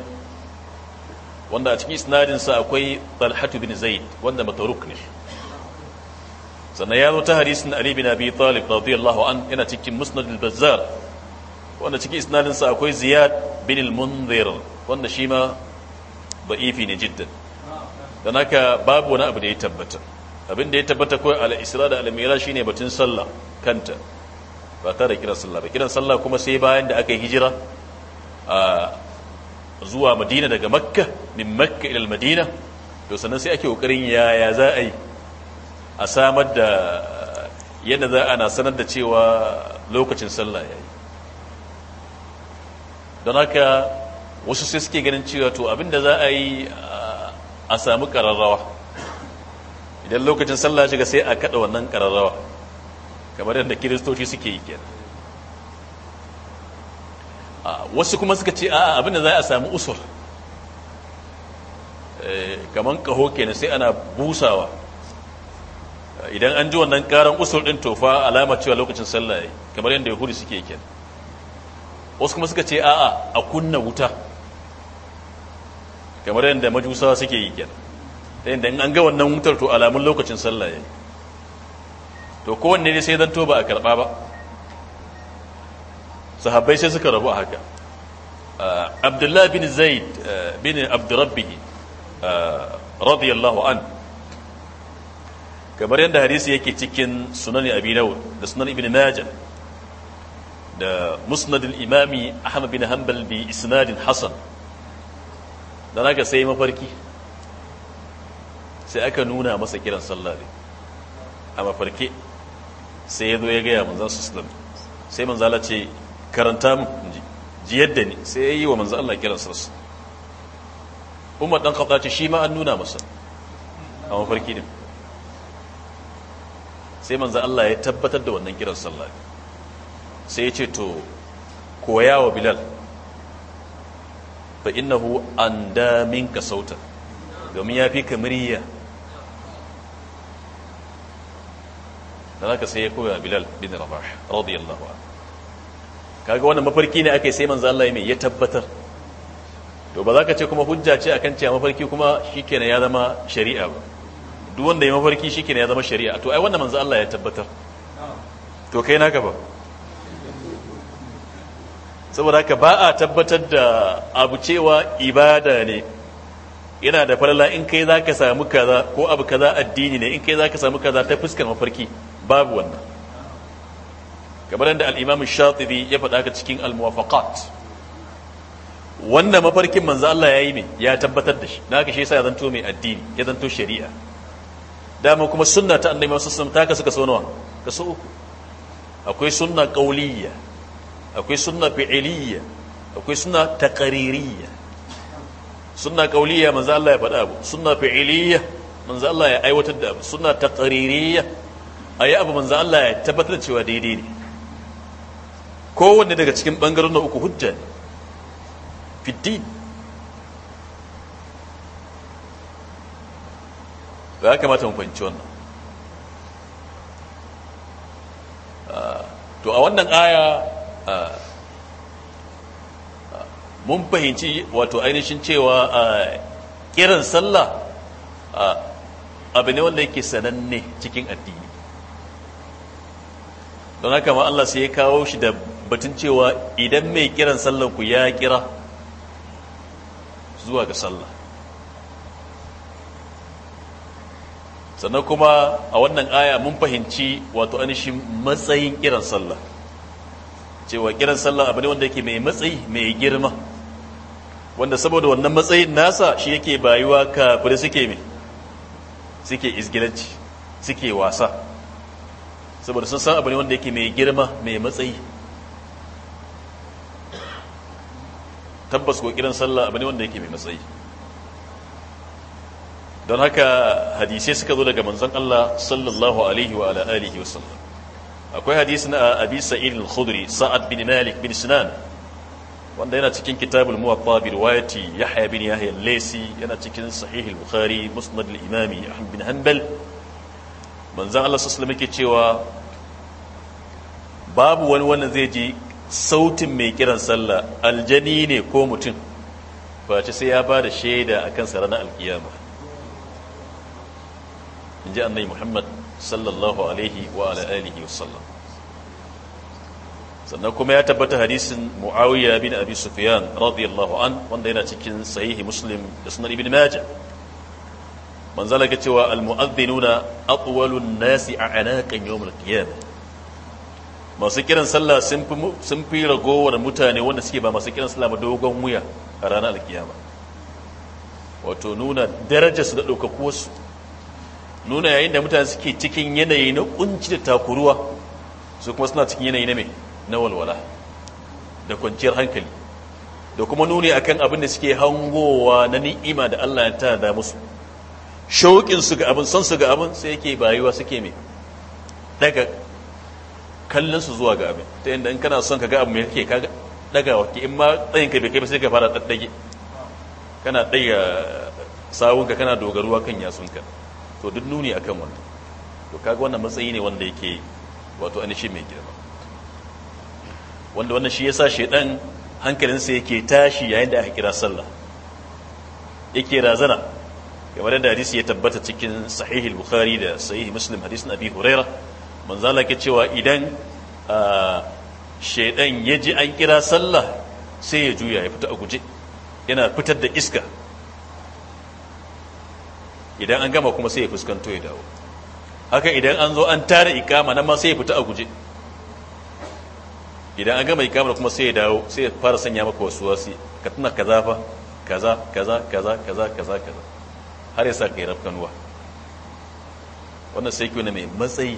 wanda a cikin isnadin sa akwai talhatu bin zaid wanda mataruk ne sannan ya zo ta hadisin ali bin abi talib radiyallahu an yana cikin musnad al-bazzar wanda cikin isnadin sa akwai ziyad bin al-munzir wanda shi ma da'ifi ne jiddan don haka babu wani abu da ya tabbata abin da ya tabbata kawai al'isra da al'amira shi ne batun sallah kanta ba tare da kiran sallah ba kiran sallah kuma sai bayan da aka yi hijira a zuwa madina daga makka min makka ilal madina to sannan sai ake ƙoƙarin yaya za a yi a samar da yadda za a na sanar da cewa lokacin sallah ya yi don haka wasu sai suke ganin cewa to abin da za a yi a samu ƙararrawa idan lokacin sallah shiga sai a kada wannan ƙararrawa kamar yadda kiristoci suke yi kenan wasu kuma suka ce a abin da za a samu usur eh, kamar kaho kenan sai ana busawa idan an ji wannan ƙaran usul ɗin tofa alama cewa lokacin sallah kamar yadda yahudi suke kenan wasu kuma suka ce a'a a kunna wuta kamar yadda majusawa suke yi kenan ta yadda an ga wannan wutar to alamun lokacin sallah yayi to kowanne ne sai zanto ba a karba ba sahabbai sai suka rabu a haka ah, abdullahi bin zaid ah, bin abdurrabbihi ah, radiyallahu an kamar yadda hadisi yake cikin sunan abi dawud da sunan ibn majah da musnad al-imami ahmad bin hanbal bi isnadin hasan da ka sai mafarki sai aka nuna masa kiran sallah ne a mafarki sai ya zo ya gaya manzan su islam sai manzala ce karanta ji yadda ne sai ya yi wa manzan Allah kiran sarsu umar dan kauta ce shi ma an nuna masa a mafarki ne sai manzan Allah ya tabbatar da wannan kiran sallah sai ya ce to koya wa bilal fa innahu an anda ka sauta domin ya fi ka murya da za ka sai ya koya bilal bin rabah radiyallahu an kaga wannan mafarki ne aka yi sai manzo Allah mai ya tabbatar to ba za ka ce kuma hujja ce akan cewa mafarki kuma shikenan ya zama shari'a ba duk wanda ya mafarki shikenan ya zama shari'a to ai wannan manzo Allah ya tabbatar to kai naka ba saboda haka ba a tabbatar da abu cewa ibada ne yana da falala in kai za ka samu kaza ko abu kaza addini ne in kai za ka samu kaza ta fuskar mafarki babu wannan kamar da al'imamu imam shatibi ya faɗa ka cikin al-muwafaqat wannan mafarkin manzo Allah ya yi ne ya tabbatar da shi na ka shi yasa ya zanto mai addini ya zanto shari'a dama kuma sunna ta annabi sallallahu ta kasu kaso nawa kaso uku akwai sunna qauliyya akwai suna fi'iliyya akwai suna taqririyya sunna qauliyya manzo Allah ya faɗa abu sunna fi'iliyya manzo Allah ya aiwatar da abu sunna taqririyya ayi abu manzo Allah ya tabbatar cewa daidai ne kowanne daga cikin bangaren na uku hujja ne fiddin ba ya kamata mu fahimci wannan ah, to a wannan aya mun fahimci wato ainihin cewa kiran sallah abu ne wanda yake sananne cikin addini don haka ma Allah sai ya kawo shi da batun cewa idan mai kiran sallah ku ya kira zuwa ga sallah sannan kuma a wannan aya mun fahimci wato ainihin matsayin kiran sallah cewa kiran sallah abu ne wanda yake mai matsayi mai girma wanda saboda wannan matsayin nasa shi yake bayuwa kuri suke mai suke izgilanci suke wasa saboda sun san abu ne wanda yake mai girma mai matsayi tabbas ko kiran sallah abu ne wanda yake mai matsayi don haka hadisai suka zo daga manzon Allah sallallahu alaihi wa alihi wasallam akwai hadisi a abi sa'id al-khudri sa'ad bin malik bin sinan wanda yana cikin kitabul muwatta bi riwayati yahya bin yahya al-laysi yana cikin sahih al-bukhari musnad al-imam ahmad bin hanbal manzon Allah sallallahu alaihi cewa babu wani wanda zai ji sautin mai kiran sallah aljani ne ko mutum face sai ya bada shaida akan sa ranar alkiyama inji annabi muhammad sallallahu alaihi wa ala alihi sallam. sannan kuma ya tabbata hadisin muawiya bin abi sufyan radiyallahu an wanda yana cikin sahihi muslim da sunan ibn majah manzala ga cewa almu'adhdhinuna atwalun nasi a anaqin yawmul qiyamah masu kiran sallah sun fi ragowar mutane wanda suke ba masu kiran sallah ba dogon wuya a ranar alkiyama wato nuna su da ɗaukakuwarsu nuna yayin da mutane suke cikin yanayi na kunci da takuruwa su kuma suna cikin yanayi na mai na walwala da kwanciyar hankali da kuma nuni kan abin da suke hangowa na ni'ima da Allah ya da musu shauƙin su ga abin son su ga abin sai yake bayuwa suke mai daga kallon su zuwa ga abin ta yadda in kana son ka ga abu mai kake kaga dagawa ke in ma tsayin ka bai kai ba sai ka fara daddage kana ɗaya sawunka kana dogaruwa kan yasunka to duk nuni akan wannan to kaga wannan matsayi ne wanda yake wato ainihin mai girma wanda wannan shi yasa shedan hankalinsa yake tashi yayin da aka kira sallah yake razana kamar da hadisi ya tabbata cikin sahihul bukhari da sahih muslim hadisin abi huraira manzo Allah ke cewa idan ah, shedan ya ji an kira sallah sai ya juya ya fita a guje yana fitar da iska idan an gama kuma sai ya fuskanto ya dawo haka idan an zo an tara ikama nan ma sai ya fita a guje idan an gama ikama kuma sai ya dawo sai ya fara sanya maka wasu wasi ka tuna kaza fa kaza kaza kaza kaza kaza kaza har ya sa ka yi rafkanuwa wannan sai kyau na mai matsayi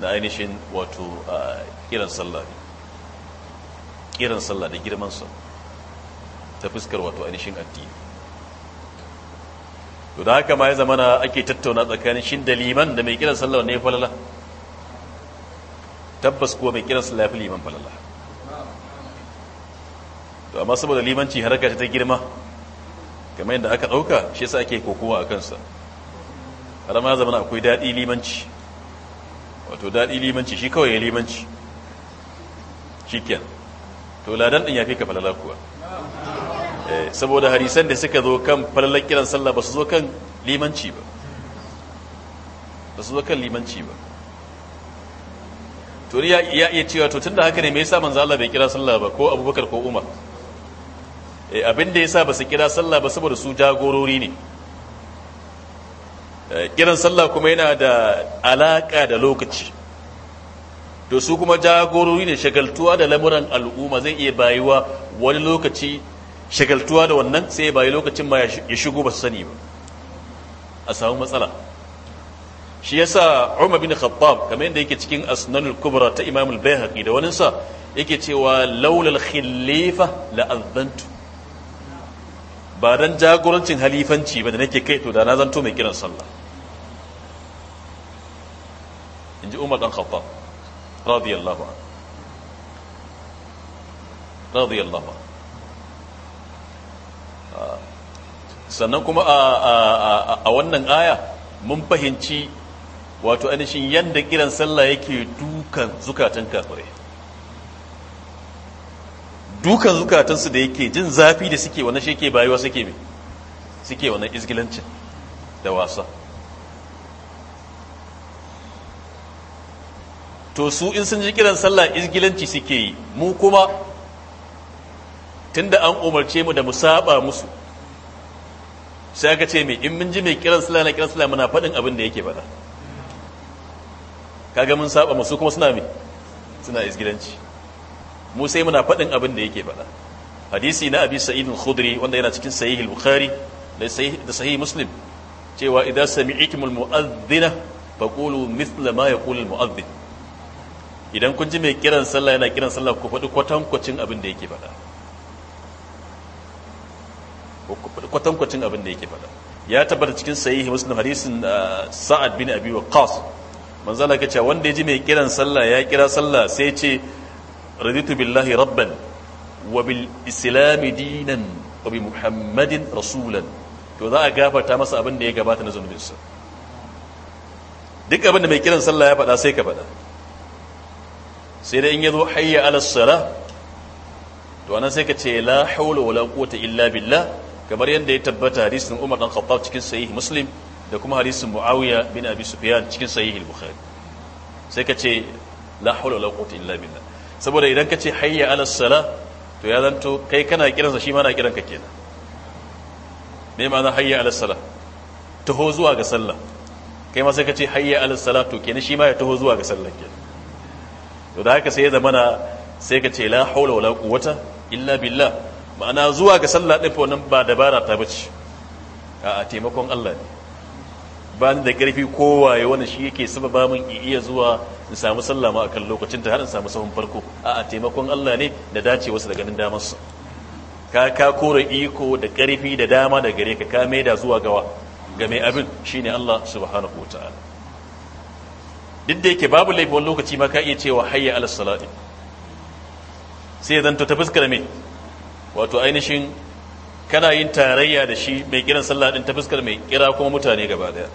na ainihin wato kiran sallah ne kiran sallah da sa ta fuskar wato ainihin addini to da haka ma ya zamana ake tattauna tsakanin shin da liman da mai kiran sallah ne falala tabbas kuwa mai kiran sallah ya fi liman falala to amma saboda limanci haraka ta girma kamar yadda aka ɗauka shi yasa ake kokowa a kansa har ma ya zamana akwai daɗi limanci wato daɗi limanci shi kawai ya limanci shi to ladan ɗin ya fi ka falala kuwa Eh, saboda harisan da suka zo kan falalar kiran sallah ba su zo kan limanci ba ba su zo kan limanci ba to ya iya cewa to tun da haka ne me sa manzo Allah bai kira sallah ba ko Abubakar ko Umar eh, abin da sa ba su kira sallah ba saboda su jagorori ne eh, kiran sallah kuma yana da alaka da lokaci to su kuma jagorori ne shagaltuwa da lamuran al'umma zai iya bayuwa wani lokaci shagaltuwa da wannan sai ya bayi lokacin ma ya shigo ba su sani ba a samu matsala shi yasa Umar bin Khattab kamar yadda yake cikin Asnanul Kubra ta imamul al-Baihaqi da waninsa yake cewa laulal khilifa la azantu ba dan jagorancin halifanci ba da nake kai to da na zanto mai kiran sallah inji Umar dan Khattab radiyallahu anhu radiyallahu anhu sannan kuma a wannan aya mun fahimci wato ainihin yadda kiran sallah yake dukan zukatan kafirai dukan zukatansu da yake jin zafi da suke wani shi yake bayuwa suke mai suke wani izgilancin da wasa to su in sun ji kiran sallah izgilanci suke yi mu kuma tunda an umarce mu da mu saba musu sai aka ce mai in mun ji mai kiran sallah na kiran sallah muna faɗin abin da yake faɗa kaga mun saba musu kuma suna mai suna isgidanci mu sai muna faɗin abin da yake faɗa hadisi na abi sa'id al-khudri wanda yana cikin sahih al-bukhari da sahih muslim cewa idan sami'tum al-mu'adhdhina faqulu mithla ma yaqul al-mu'adhdhin idan kun ji mai kiran sallah yana kiran sallah ku faɗi kwatankwacin abin da yake faɗa kwatankwacin abin da yake faɗa ya tabbata cikin sahihi muslim hadisin uh, sa'ad bin abi waqas manzo Allah kace wanda ya ji mai kiran sallah ya kira sallah sai ya ce raditu billahi rabban wa bil islam dinan wa bi muhammadin rasulan to za a gafarta masa abin da ya gabata na zunubinsa duk abin da mai kiran sallah ya faɗa sai ka faɗa sai dai in ya zo hayya ala sala to anan sai ka ce la haula wala quwwata illa billah kamar yadda ya tabbata hadisin Umar dan Khattab cikin sahih Muslim da kuma hadisin Muawiya bin Abi Sufyan cikin sahih Bukhari sai ka ce la hawla wala quwwata illa billah saboda idan ka ce hayya ala sala to ya zanto kai kana kiransa shi ma na kiran ka kenan me ma'ana hayya ala sala taho zuwa ga sallah kai ma sai ka ce hayya ala sala to kenan shi ma ya taho zuwa ga sallah kenan to da haka sai ya zamana sai ka ce la hawla wala quwwata illa billah ma'ana zuwa ga sallah ɗin fa wannan ba dabara ta bace a taimakon Allah ne ba ni da ƙarfi ya wani shi yake sababa min iya zuwa in samu sallah ma akan lokacin ta har in samu sahun farko a taimakon Allah ne da dace wasu da ganin su ka ka kore iko da ƙarfi da dama da gare ka ka maida zuwa gawa ga mai abin shine Allah subhanahu wataala duk da yake babu laifi wani lokaci ma ka iya cewa hayya alas sai zan zanto ta fuskar mai wato ainihin kana yin tarayya da shi mai kiran sallah din ta fuskar mai kira kuma mutane gaba daya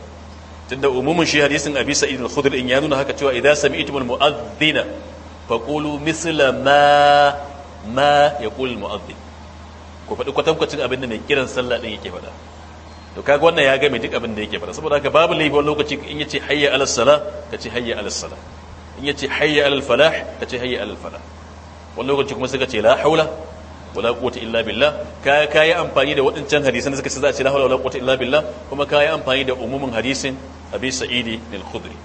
tunda umumin shi hadisin abi sa'id al in ya nuna haka cewa idza sami'tum al-mu'adhdhina faqulu misla ma ma yaqul al-mu'adhdhin ku faɗi kwatankwacin abin da mai kiran sallah din yake faɗa to kaga wannan ya ga mai duk abin da yake faɗa saboda haka babu laifi wani lokaci in yace hayya ala salah ka ce hayya ala salah in yace hayya ala al-falah ka ce hayya ala al-falah wani lokaci kuma sai ka ce la haula wala quwwata illa billah ka kai amfani da waɗancan hadisan da suka ce za a ce la hawla wala quwwata illa billah kuma kai amfani da umumin hadisin abi sa'idi al-khudri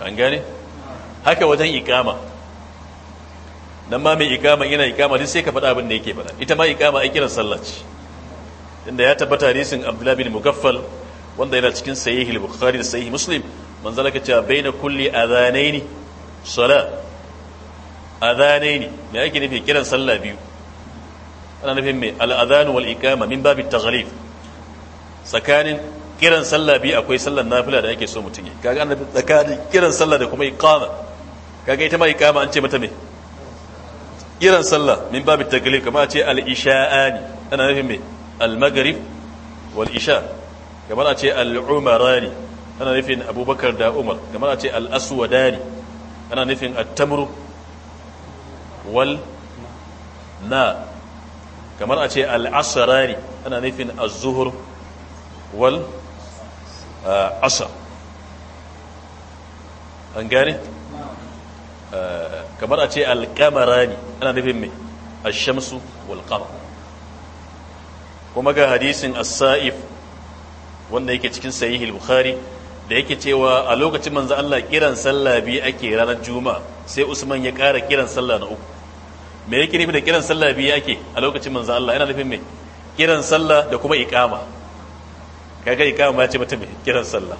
an gane haka wajen ikama dan ma mai ikama yana ikama din sai ka faɗa abin da yake faɗa ita ma ikama ai kiran sallah ce inda ya tabbata hadisin abdullahi bin mukaffal wanda yana cikin sahih al-bukhari da sahih muslim manzalaka cewa baina kulli adhanaini salat adhanai ne me ake nufi kiran sallah biyu ana nufin me al'adhanu walIkama iqama min babi taghlif tsakanin kiran sallah biyu akwai sallar nafila da ake so mutum yi kaga annabi tsakanin kiran sallah da kuma iqama kaga ita ma iqama an ce mata me kiran sallah min babi taghlif kamar a ce al isha'ani ana nufin me al maghrib wal isha kamar a ce al umarani ana nufin abubakar da umar kamar a ce al aswadani ana nufin at tamru wal na kamar a ce al'asarari ana nufin azuhur wal uh, asa an gane? Uh, kamar a ce alƙamarani ana nufin mai ashamsu wal ƙamar kuma ga hadisin as-sa'if wanda yake cikin sahihul bukhari da yake cewa a lokacin manzo Allah kiran sallah biyu ake ranar juma sai Usman ya ƙara kiran sallah na uku me yake nufi da kiran sallah biyu ke a lokacin manzo Allah yana nufin me kiran sallah da kuma iqama kaga iqama ya ce mutum kiran sallah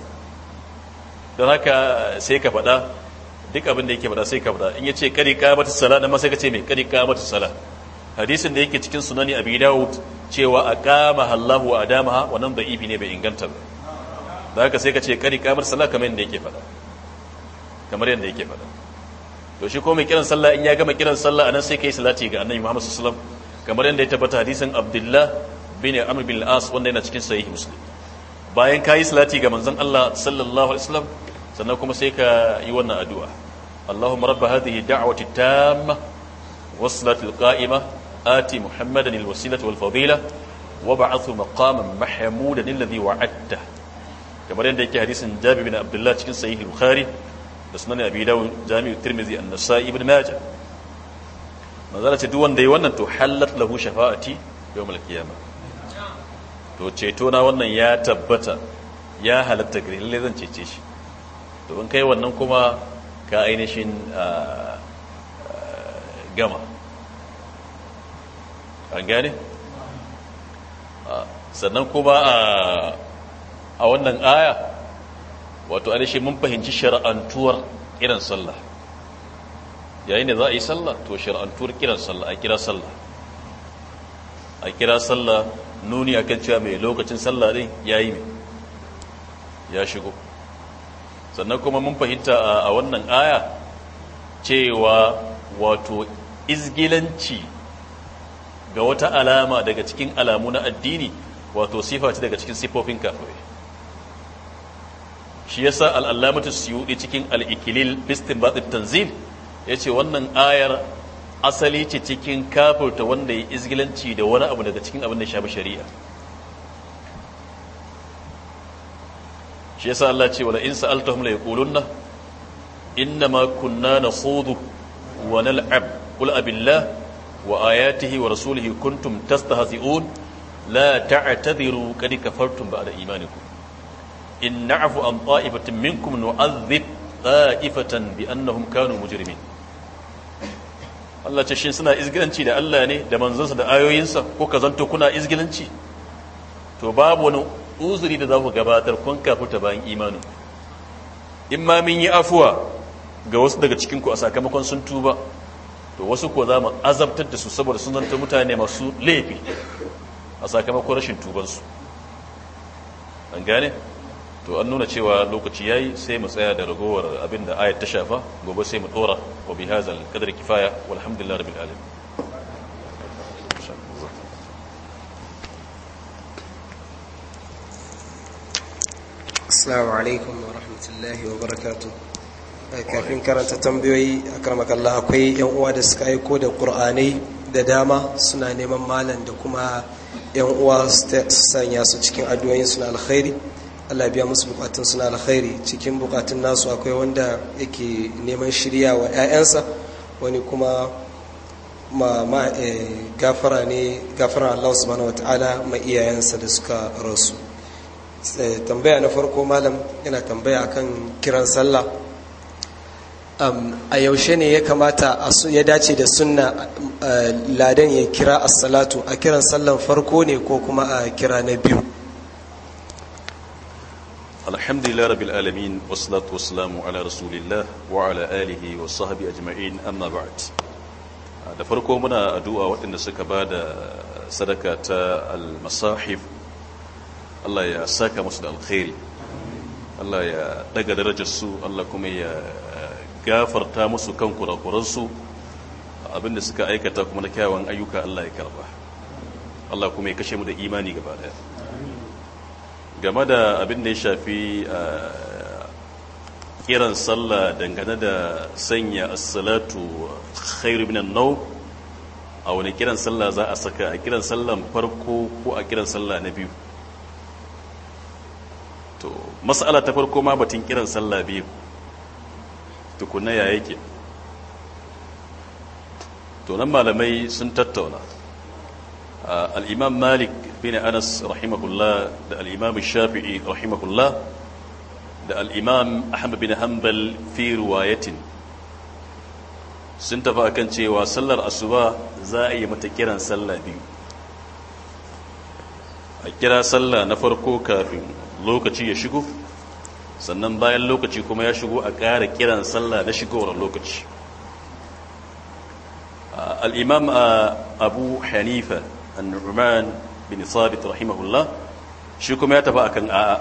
don haka sai ka faɗa duk abin da yake faɗa sai ka faɗa in yace kari qamatu salat dan ma sai ka ce me kari qamatu salat hadisin da yake cikin sunani abi dawud cewa aqama Allahu wa adamaha wannan Ibi ne bai inganta ba da haka sai ka ce kari qamatu salat kamar yadda yake faɗa kamar yadda yake faɗa to shi ko mai kiran sallah in ya gama kiran sallah anan sai kai salati ga annabi Muhammad sallallahu alaihi wasallam kamar yadda ya tabbata hadisin Abdullah bin Amr bin al-As wanda yana cikin sahih Muslim bayan kai salati ga manzon Allah sallallahu alaihi wasallam sannan kuma sai ka yi wannan addu'a Allahumma rabb hadhihi da'wati tamma was-salati al-qa'ima ati Muhammadan al-wasilata wal-fadila wab'athu maqaman mahmudan alladhi wa'adta kamar yadda yake hadisin Jabir bin cikin sahih da sunan abi dawud jami'u tirmidhi an-nasa'i ibn majah manzala ce duk wanda yi wannan to hallat lahu shafa'ati yawmal qiyama to ceto na wannan ya tabbata ya halatta gare lalle zan cece shi to in kai wannan kuma ka ainihin ah, ah, gama an gane ah, sannan kuma a wannan aya wato shi mun fahimci shara'antuwar kiran sallah yayin da za a yi sallah to shara'antuwar kiran sallah a kira sallah a kira sallah nuni a cewa mai lokacin sallah din ya yi ya shigo sannan kuma mun fahimta a wannan aya cewa wato izgilanci ga wata alama daga cikin alamu na addini wato sifa daga cikin sifofin kafirai shi yasa al'allamatu suyudi cikin al'ikilil bistin batin tanzil ya ce wannan ayar asali ce cikin kafurta wanda ya izgilanci da wani abu daga cikin abin da shafi shari'a shi yasa Allah ce wala in sa'altahum la yaqulunna inna ma kunna nakhudu wa nal'ab qul abillah wa ayatihi wa rasulihi kuntum tastahzi'un la ta'tadiru kad kafartum ba'da imanikum in na'fu an ta'ifatin minkum nu'adhib ta'ifatan bi annahum kanu mujrimin Allah ce shin suna izgilanci da Allah ne da manzansa da ayoyinsa ko ka zanto kuna izgilanci to babu wani uzuri da za ku gabatar kun kafuta bayan imanin in ma min yi afuwa ga wasu daga cikinku a sakamakon sun tuba to wasu ko za mu azabtar da su saboda sun zanta mutane masu laifi a sakamakon rashin tubansu an gane to an nuna cewa lokaci ya yi sai mu tsaya da ragowar abin da ayat ta shafa gobe sai mu dora wa bi hazal qadri kifaya walhamdulillah rabbil alamin assalamu alaikum wa rahmatullahi wa barakatuh eh, kafin karanta tambayoyi akramakallah akwai yan uwa da suka aiko da qur'anai da dama suna neman malam da kuma yan uwa su sanya su cikin addu'o'in suna alkhairi Allah biya musu bukatun suna alkhairi cikin bukatun nasu akwai wanda yake neman shirya wa 'ya'yansa wani kuma ma eh, gafara ne gafara Allah subhanahu wataala ma iyayensa da suka rasu eh, tambaya na farko malam yana tambaya akan kiran sallah a yaushe ne ya kamata ya dace da sunna eh, ladan ya kira as-salatu a kiran sallan farko ne ko kuma a kira na biyu alhamdulillah rabbil alamin wassalatu wassalamu ala rasulillah wa ala alihi wa sahbi ajma'in amma ba'd ah, da farko muna addu'a waɗanda suka bada sadaka ta al-masahif Allah ya saka musu da alkhairi Allah ya daga darajar su Allah kuma ya eh, gafarta musu kan kurakuransu abinda suka aikata kuma na kyawun ayyuka Allah ya karba Allah kuma ya kashe mu da imani gaba daya game da abin da ya shafi kiran sallah dangane da sanya assalatu khairu minan nau a wani kiran sallah za a saka a kiran sallan farko ko a kiran sallah na biyu to mas'ala ta farko ma batun kiran sallah biyu tukuna ya yake to nan malamai sun tattauna al'imam malik shine anas rahimahullah da al shafi'i rahimahullah da alimam ahmad bin hanbal fi sun tafi akan cewa sallar asuba za a yi mata kiran sallah biyu a kira sallah na farko kafin lokaci ya shigo sannan bayan lokaci kuma ya shigo a ƙara kiran sallah na shigowar lokaci al'imam abu hanifa annu'uman bin sabit rahimahullah shi kuma ya tafi akan a'a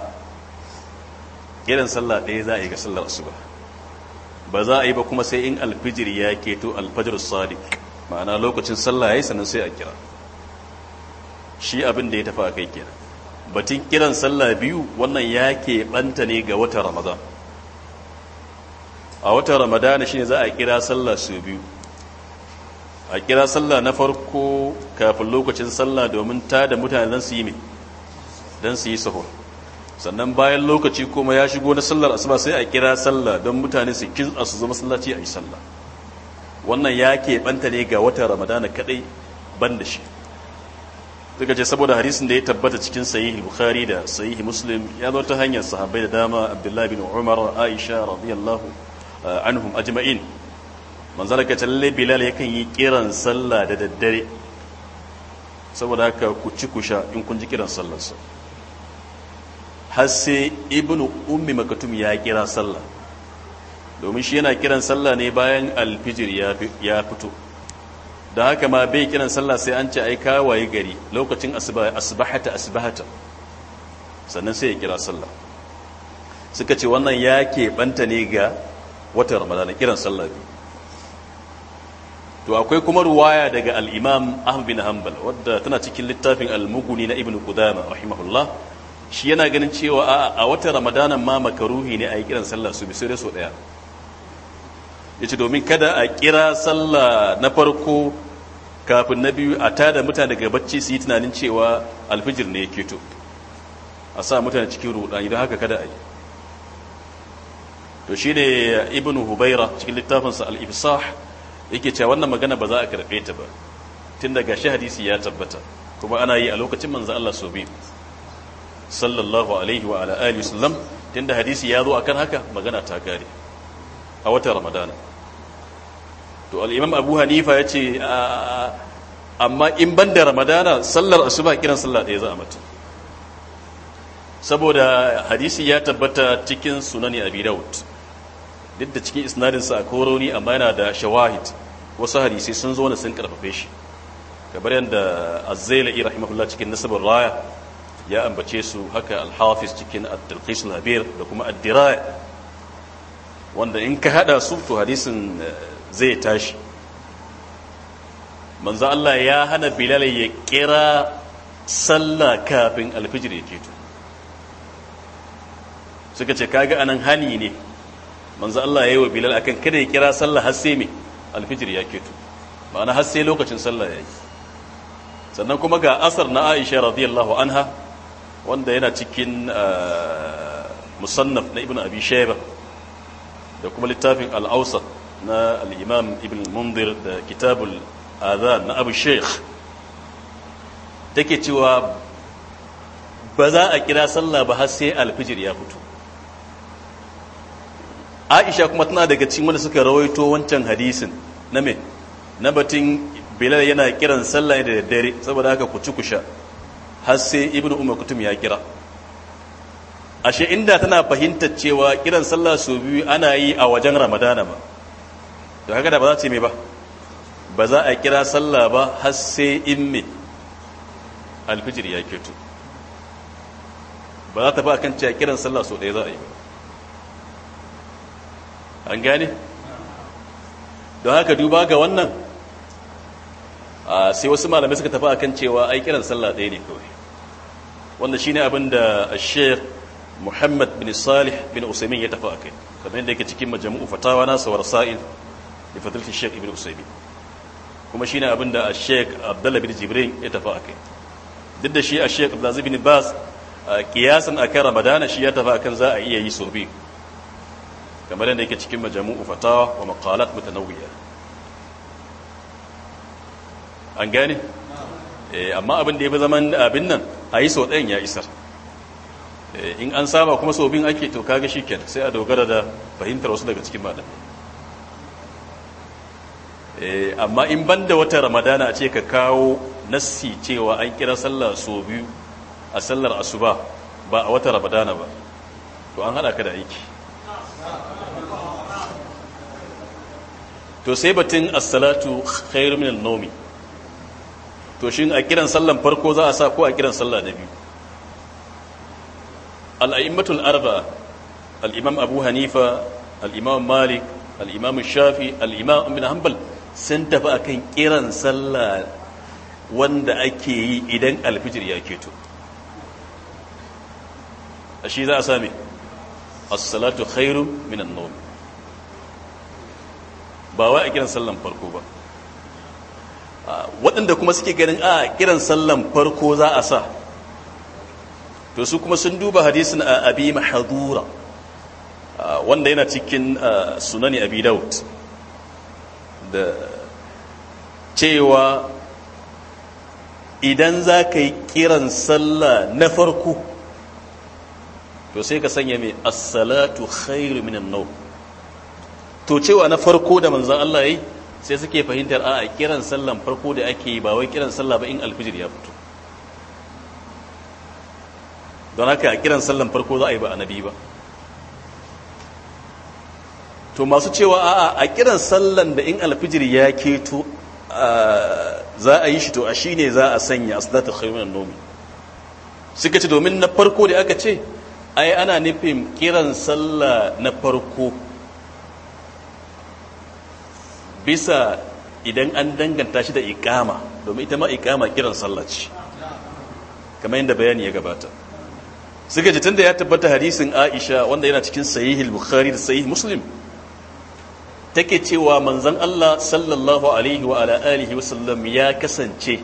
irin sallah ɗaya za a yi ga sallar asuba ba za a yi ba kuma sai in alfijir ya keto alfajir sadiq ma'ana lokacin sallah ya yi sannan sai a kira shi abin da ya tafi akai kai kenan batun kiran sallah biyu wannan ya banta ne ga watan ramadan a watan ramadan shi ne za a kira sallah su biyu a kira sallah na farko kafin lokacin sallah domin ta da mutane don su yi don su sannan bayan lokaci kuma ya shigo na sallar asuba sai a kira sallah don mutane su a su zama sallaci a yi sallah wannan ya ke banta ne ga watan ramadana kadai ban da shi duka ce saboda hadisin da ya tabbata cikin sahihi bukhari da sahihi muslim ya zo ta hanyar sahabbai da dama abdullahi bin umar aisha radiyallahu eh, anhum ajma'in manzana ka ce bilal ya yakan yi kiran sallah da daddare saboda haka ku ci ku in kun ji kiran sallarsa har sai ibnu ummi makatum ya kira sallah domin shi yana kiran sallah ne bayan alfijir ya fito da haka ma bai kiran sallah sai an ce ai kawaye gari lokacin asbahata asbahata sannan sai ya kira sallah suka ce wannan ya ɓanta ne ga watan ramadana kiran sallah biyu to akwai kuma ruwaya daga al-imam ahmad bin hanbal wadda tana cikin littafin al-mughni na ibnu qudama rahimahullah shi yana ganin cewa a wata ramadanan ma makaruhi ne a yi kiran sallah su bisu da su daya ya domin kada a kira sallah na farko kafin na biyu a tada mutane daga bacci su yi tunanin cewa alfijir ne ya keto a sa mutane cikin rudani idan haka kada a yi to shi ne ibn hubaira cikin littafinsa al ifsah yake cewa wannan magana ba za a karɓe ta ba tun daga shi hadisi ya tabbata kuma ana yi a lokacin manzo Allah so bi sallallahu alaihi wa ala alihi tun da hadisi ya zo akan haka magana ta kare a watan ramadana to al-imam abu hanifa ya ce amma in ban da ramadana sallar asuba kiran sallah ɗaya za a mata saboda hadisi ya tabbata cikin sunani abi daud duk da cikin isnadinsa a koroni amma yana da shawahid wasu hadisai sun zo da sun karfafe shi kamar yadda azzailai rahimahullah cikin nasabar raya ya ambace su haka alhafiz cikin at-talqis da kuma ad wanda in ka hada su to hadisin eh, zai tashi manzo Allah ya hana bilal ya kira sallah kafin alfijir ya keto suka ce kaga anan hani ne manzo Allah yayi wa Bilal akan kada ya kira sallah har sai me alfijir ya keto ma'ana har lokacin sallah yayi sannan kuma ga asar na Aisha radiyallahu anha wanda yana cikin ah, musannaf na Ibn Abi Shayba da kuma littafin Al-Awsat na al-Imam Ibn Mundir da Kitabul Adhan na Abu Sheikh take cewa ba za a kira sallah ba har sai alfijir ya fito aisha kuma tana daga cikin wanda suka rawaito wancan hadisin na me na batun bilal yana kiran sallah da daddare saboda haka ku ci ku sha har sai ibnu umar kutum ya kira ashe inda tana fahimtar cewa kiran sallah su biyu ana yi a wajen ramadana ba to haka da ba za ce me ba ba za a kira sallah ba har sai in me alfijir ya keto ba za ta ba kan cewa kiran sallah su ɗaya za a yi ba an gane don haka duba ga wannan sai wasu malamai suka tafi akan cewa ai kiran sallah ɗaya ne kawai wanda shine abin da ashir Muhammad bin Salih bin Usaimin ya tafi akai kamar yadda yake cikin majmu'u fatawa na sawar sa'il da fadilti shek Ibn Usaimin kuma shine abin da ashek Abdullah bin Jibrin ya tafi akai duk da shi a Sheikh Abdulaziz bin Bas kiyasan kai Ramadana shi ya tafi akan za a iya yi sulbi kamar yadda yake cikin majamu'u fatawa wa maqalat mutanawiya an gane eh, amma abin da yafi zaman abin nan ayi so ɗayan ya isar eh, in an saba kuma so bin ake to kaga shikenan sai a dogara da fahimtar wasu daga cikin malamai eh, amma in ban da wata ramadana a ce ka kawo nassi cewa an kira sallah so biyu a sallar asuba ba a wata ramadana ba to an hada ka da aiki to sai batun assalatu khairu min nomi to shin a kiran sallan farko za a sa ko a kiran sallah na biyu al'a'immatul arba al'imam abu hanifa al'imam malik al'imam shafi al'imam ibn hanbal sun tafi a kan kiran sallah wanda ake yi idan alfijir ya keto a shi za a same as-salatu khairu minan nawm ba wai a kiran sallan farko ba ah, waɗanda kuma suke ganin a ah, kiran sallan farko za a sa to su kuma sun duba hadisin a ah, abi mahadura wanda yana cikin sunani abi daud da cewa idan za ka yi kiran sallah na farko to sai ka sanya mai asalatu khairu minan nau to cewa na farko da manzan Allah ya yi sai suke fahimtar a kiran sallan farko da ake yi ba wai kiran sallah ba in alfijir ya fito don haka a kiran sallan farko za a yi ba a nabi ba to masu cewa a a kiran sallan da in alfijir ya keto za a yi shi to a shine za a sanya asalatu khairu minan nau suka ce domin na farko da aka ce ai ana nufin kiran sallah na farko bisa idan an danganta shi da ikama domin ita ma ikama kiran sallah ce kamar yadda bayani ya gabata suka ji da ya tabbata hadisin aisha wanda yana cikin sahihul bukhari da sahih muslim take cewa manzon Allah sallallahu alaihi wa ala alihi wasallam ya kasance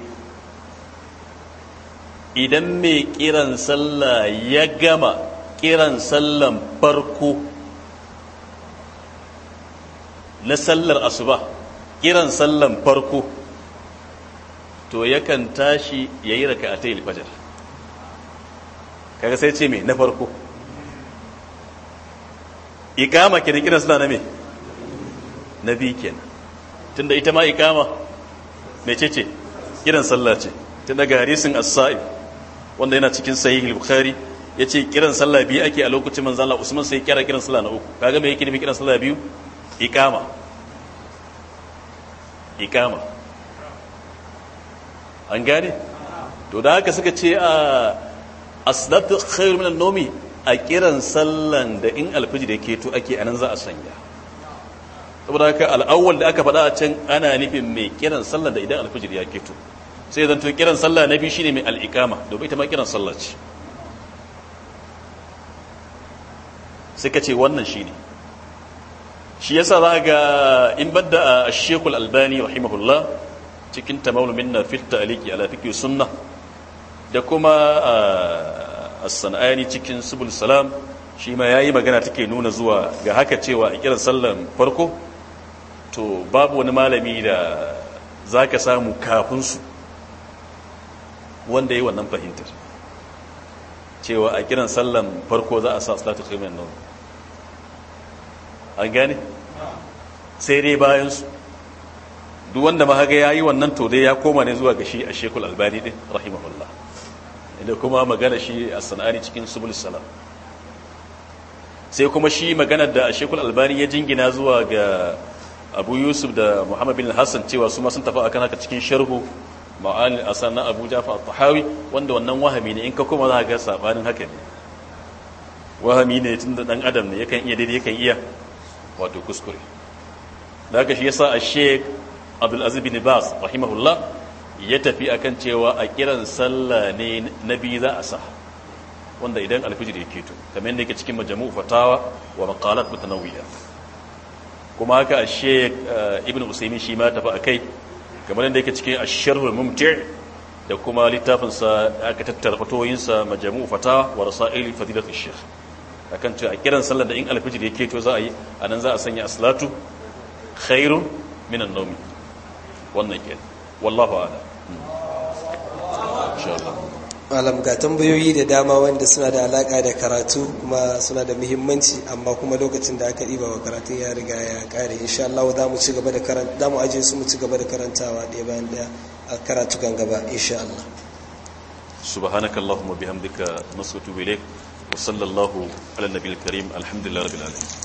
idan mai kiran sallah ya gama kiran sallan farko na sallar asuba kiran sallan farko to yakan tashi ya yi raka a ta ilfajar kaga sai ce mai na farko ikama kenan kiran suna na mai na biyu kenan tunda ita ma ikama mai ce ce kiran sallah ce tunda ga harisin as wanda yana cikin sayi. al ya ce kiran sallah biyu ake a lokacin manzan Allah Usman sai kira kiran sallah na uku kaga me yake nufi kiran sallah biyu iqama iqama an gane to da haka suka ce a ah, asdatu khairu min an a kiran sallan da in alfiji da to ake anan za a sanya saboda haka al'awwal da aka faɗa a can ana nufin mai kiran sallan da idan alfijir ya keto sai zanto kiran sallah na biyu shine mai al'iqama domin ita ma kiran sallah ce suka ce wannan shi ne shi yasa za ga in badda a shekul albani rahimahullah cikin tamaulumin na fitta aliki ala fiƙi sunna da kuma a sana'ani cikin subul salam shi ma ya yi magana take nuna zuwa ga haka cewa a kiran sallan farko to babu wani malami da za ka samu kafinsu wanda ya yi wannan fahimtar cewa a kiran sallan farko za a sa salatu khaimin nawm an gane sai dai bayan su duk wanda ma yayi wannan to dai ya koma ne zuwa ga shi a Sheikhul Albani din rahimahullah inda kuma magana shi a sanani cikin subul salam sai kuma shi magana da a Sheikhul Albani ya jingina zuwa ga Abu Yusuf da Muhammad bin Hassan cewa su ma sun tafi akan haka cikin sharhu ma'al asan na abuja jafa tahawi wanda wannan wahami ne in ka kuma za ka ga sabanin haka ne wahami ne tun da dan adam ne yakan iya daidai yakan iya wato kuskure da shi yasa al-sheikh abdul aziz bin bas rahimahullah ya tafi akan cewa a kiran sallah ne nabi za a sa wanda idan alfijir ya keto kamar yake cikin majamu fatawa wa maqalat mutanawwiya kuma haka a sheikh eh, ibn usaymin shi ma tafi akai kamar da yake cikin asharhul mumti' da kuma littafin sa aka tattara fatoyin sa majmu' fata wa rasail fadilat ash-shaykh akan cewa kiran sallar da in alfijir yake to za a yi anan za a sanya aslatu khairun minan an-nawm wannan kenan wallahu a'lam hmm. insha malam ga tambayoyi da dama wanda suna da alaka da karatu kuma suna da muhimmanci amma kuma lokacin da aka ɗiba wa karatun ya riga ya kare insha Allah za mu ci gaba da karanta za mu aje su mu ci gaba da karantawa ɗaya bayan ɗaya a karatu kan gaba insha Allah subhanakallahumma bihamdika nasutu ilayk wa sallallahu ala nabiyil karim alhamdulillahi rabbil alamin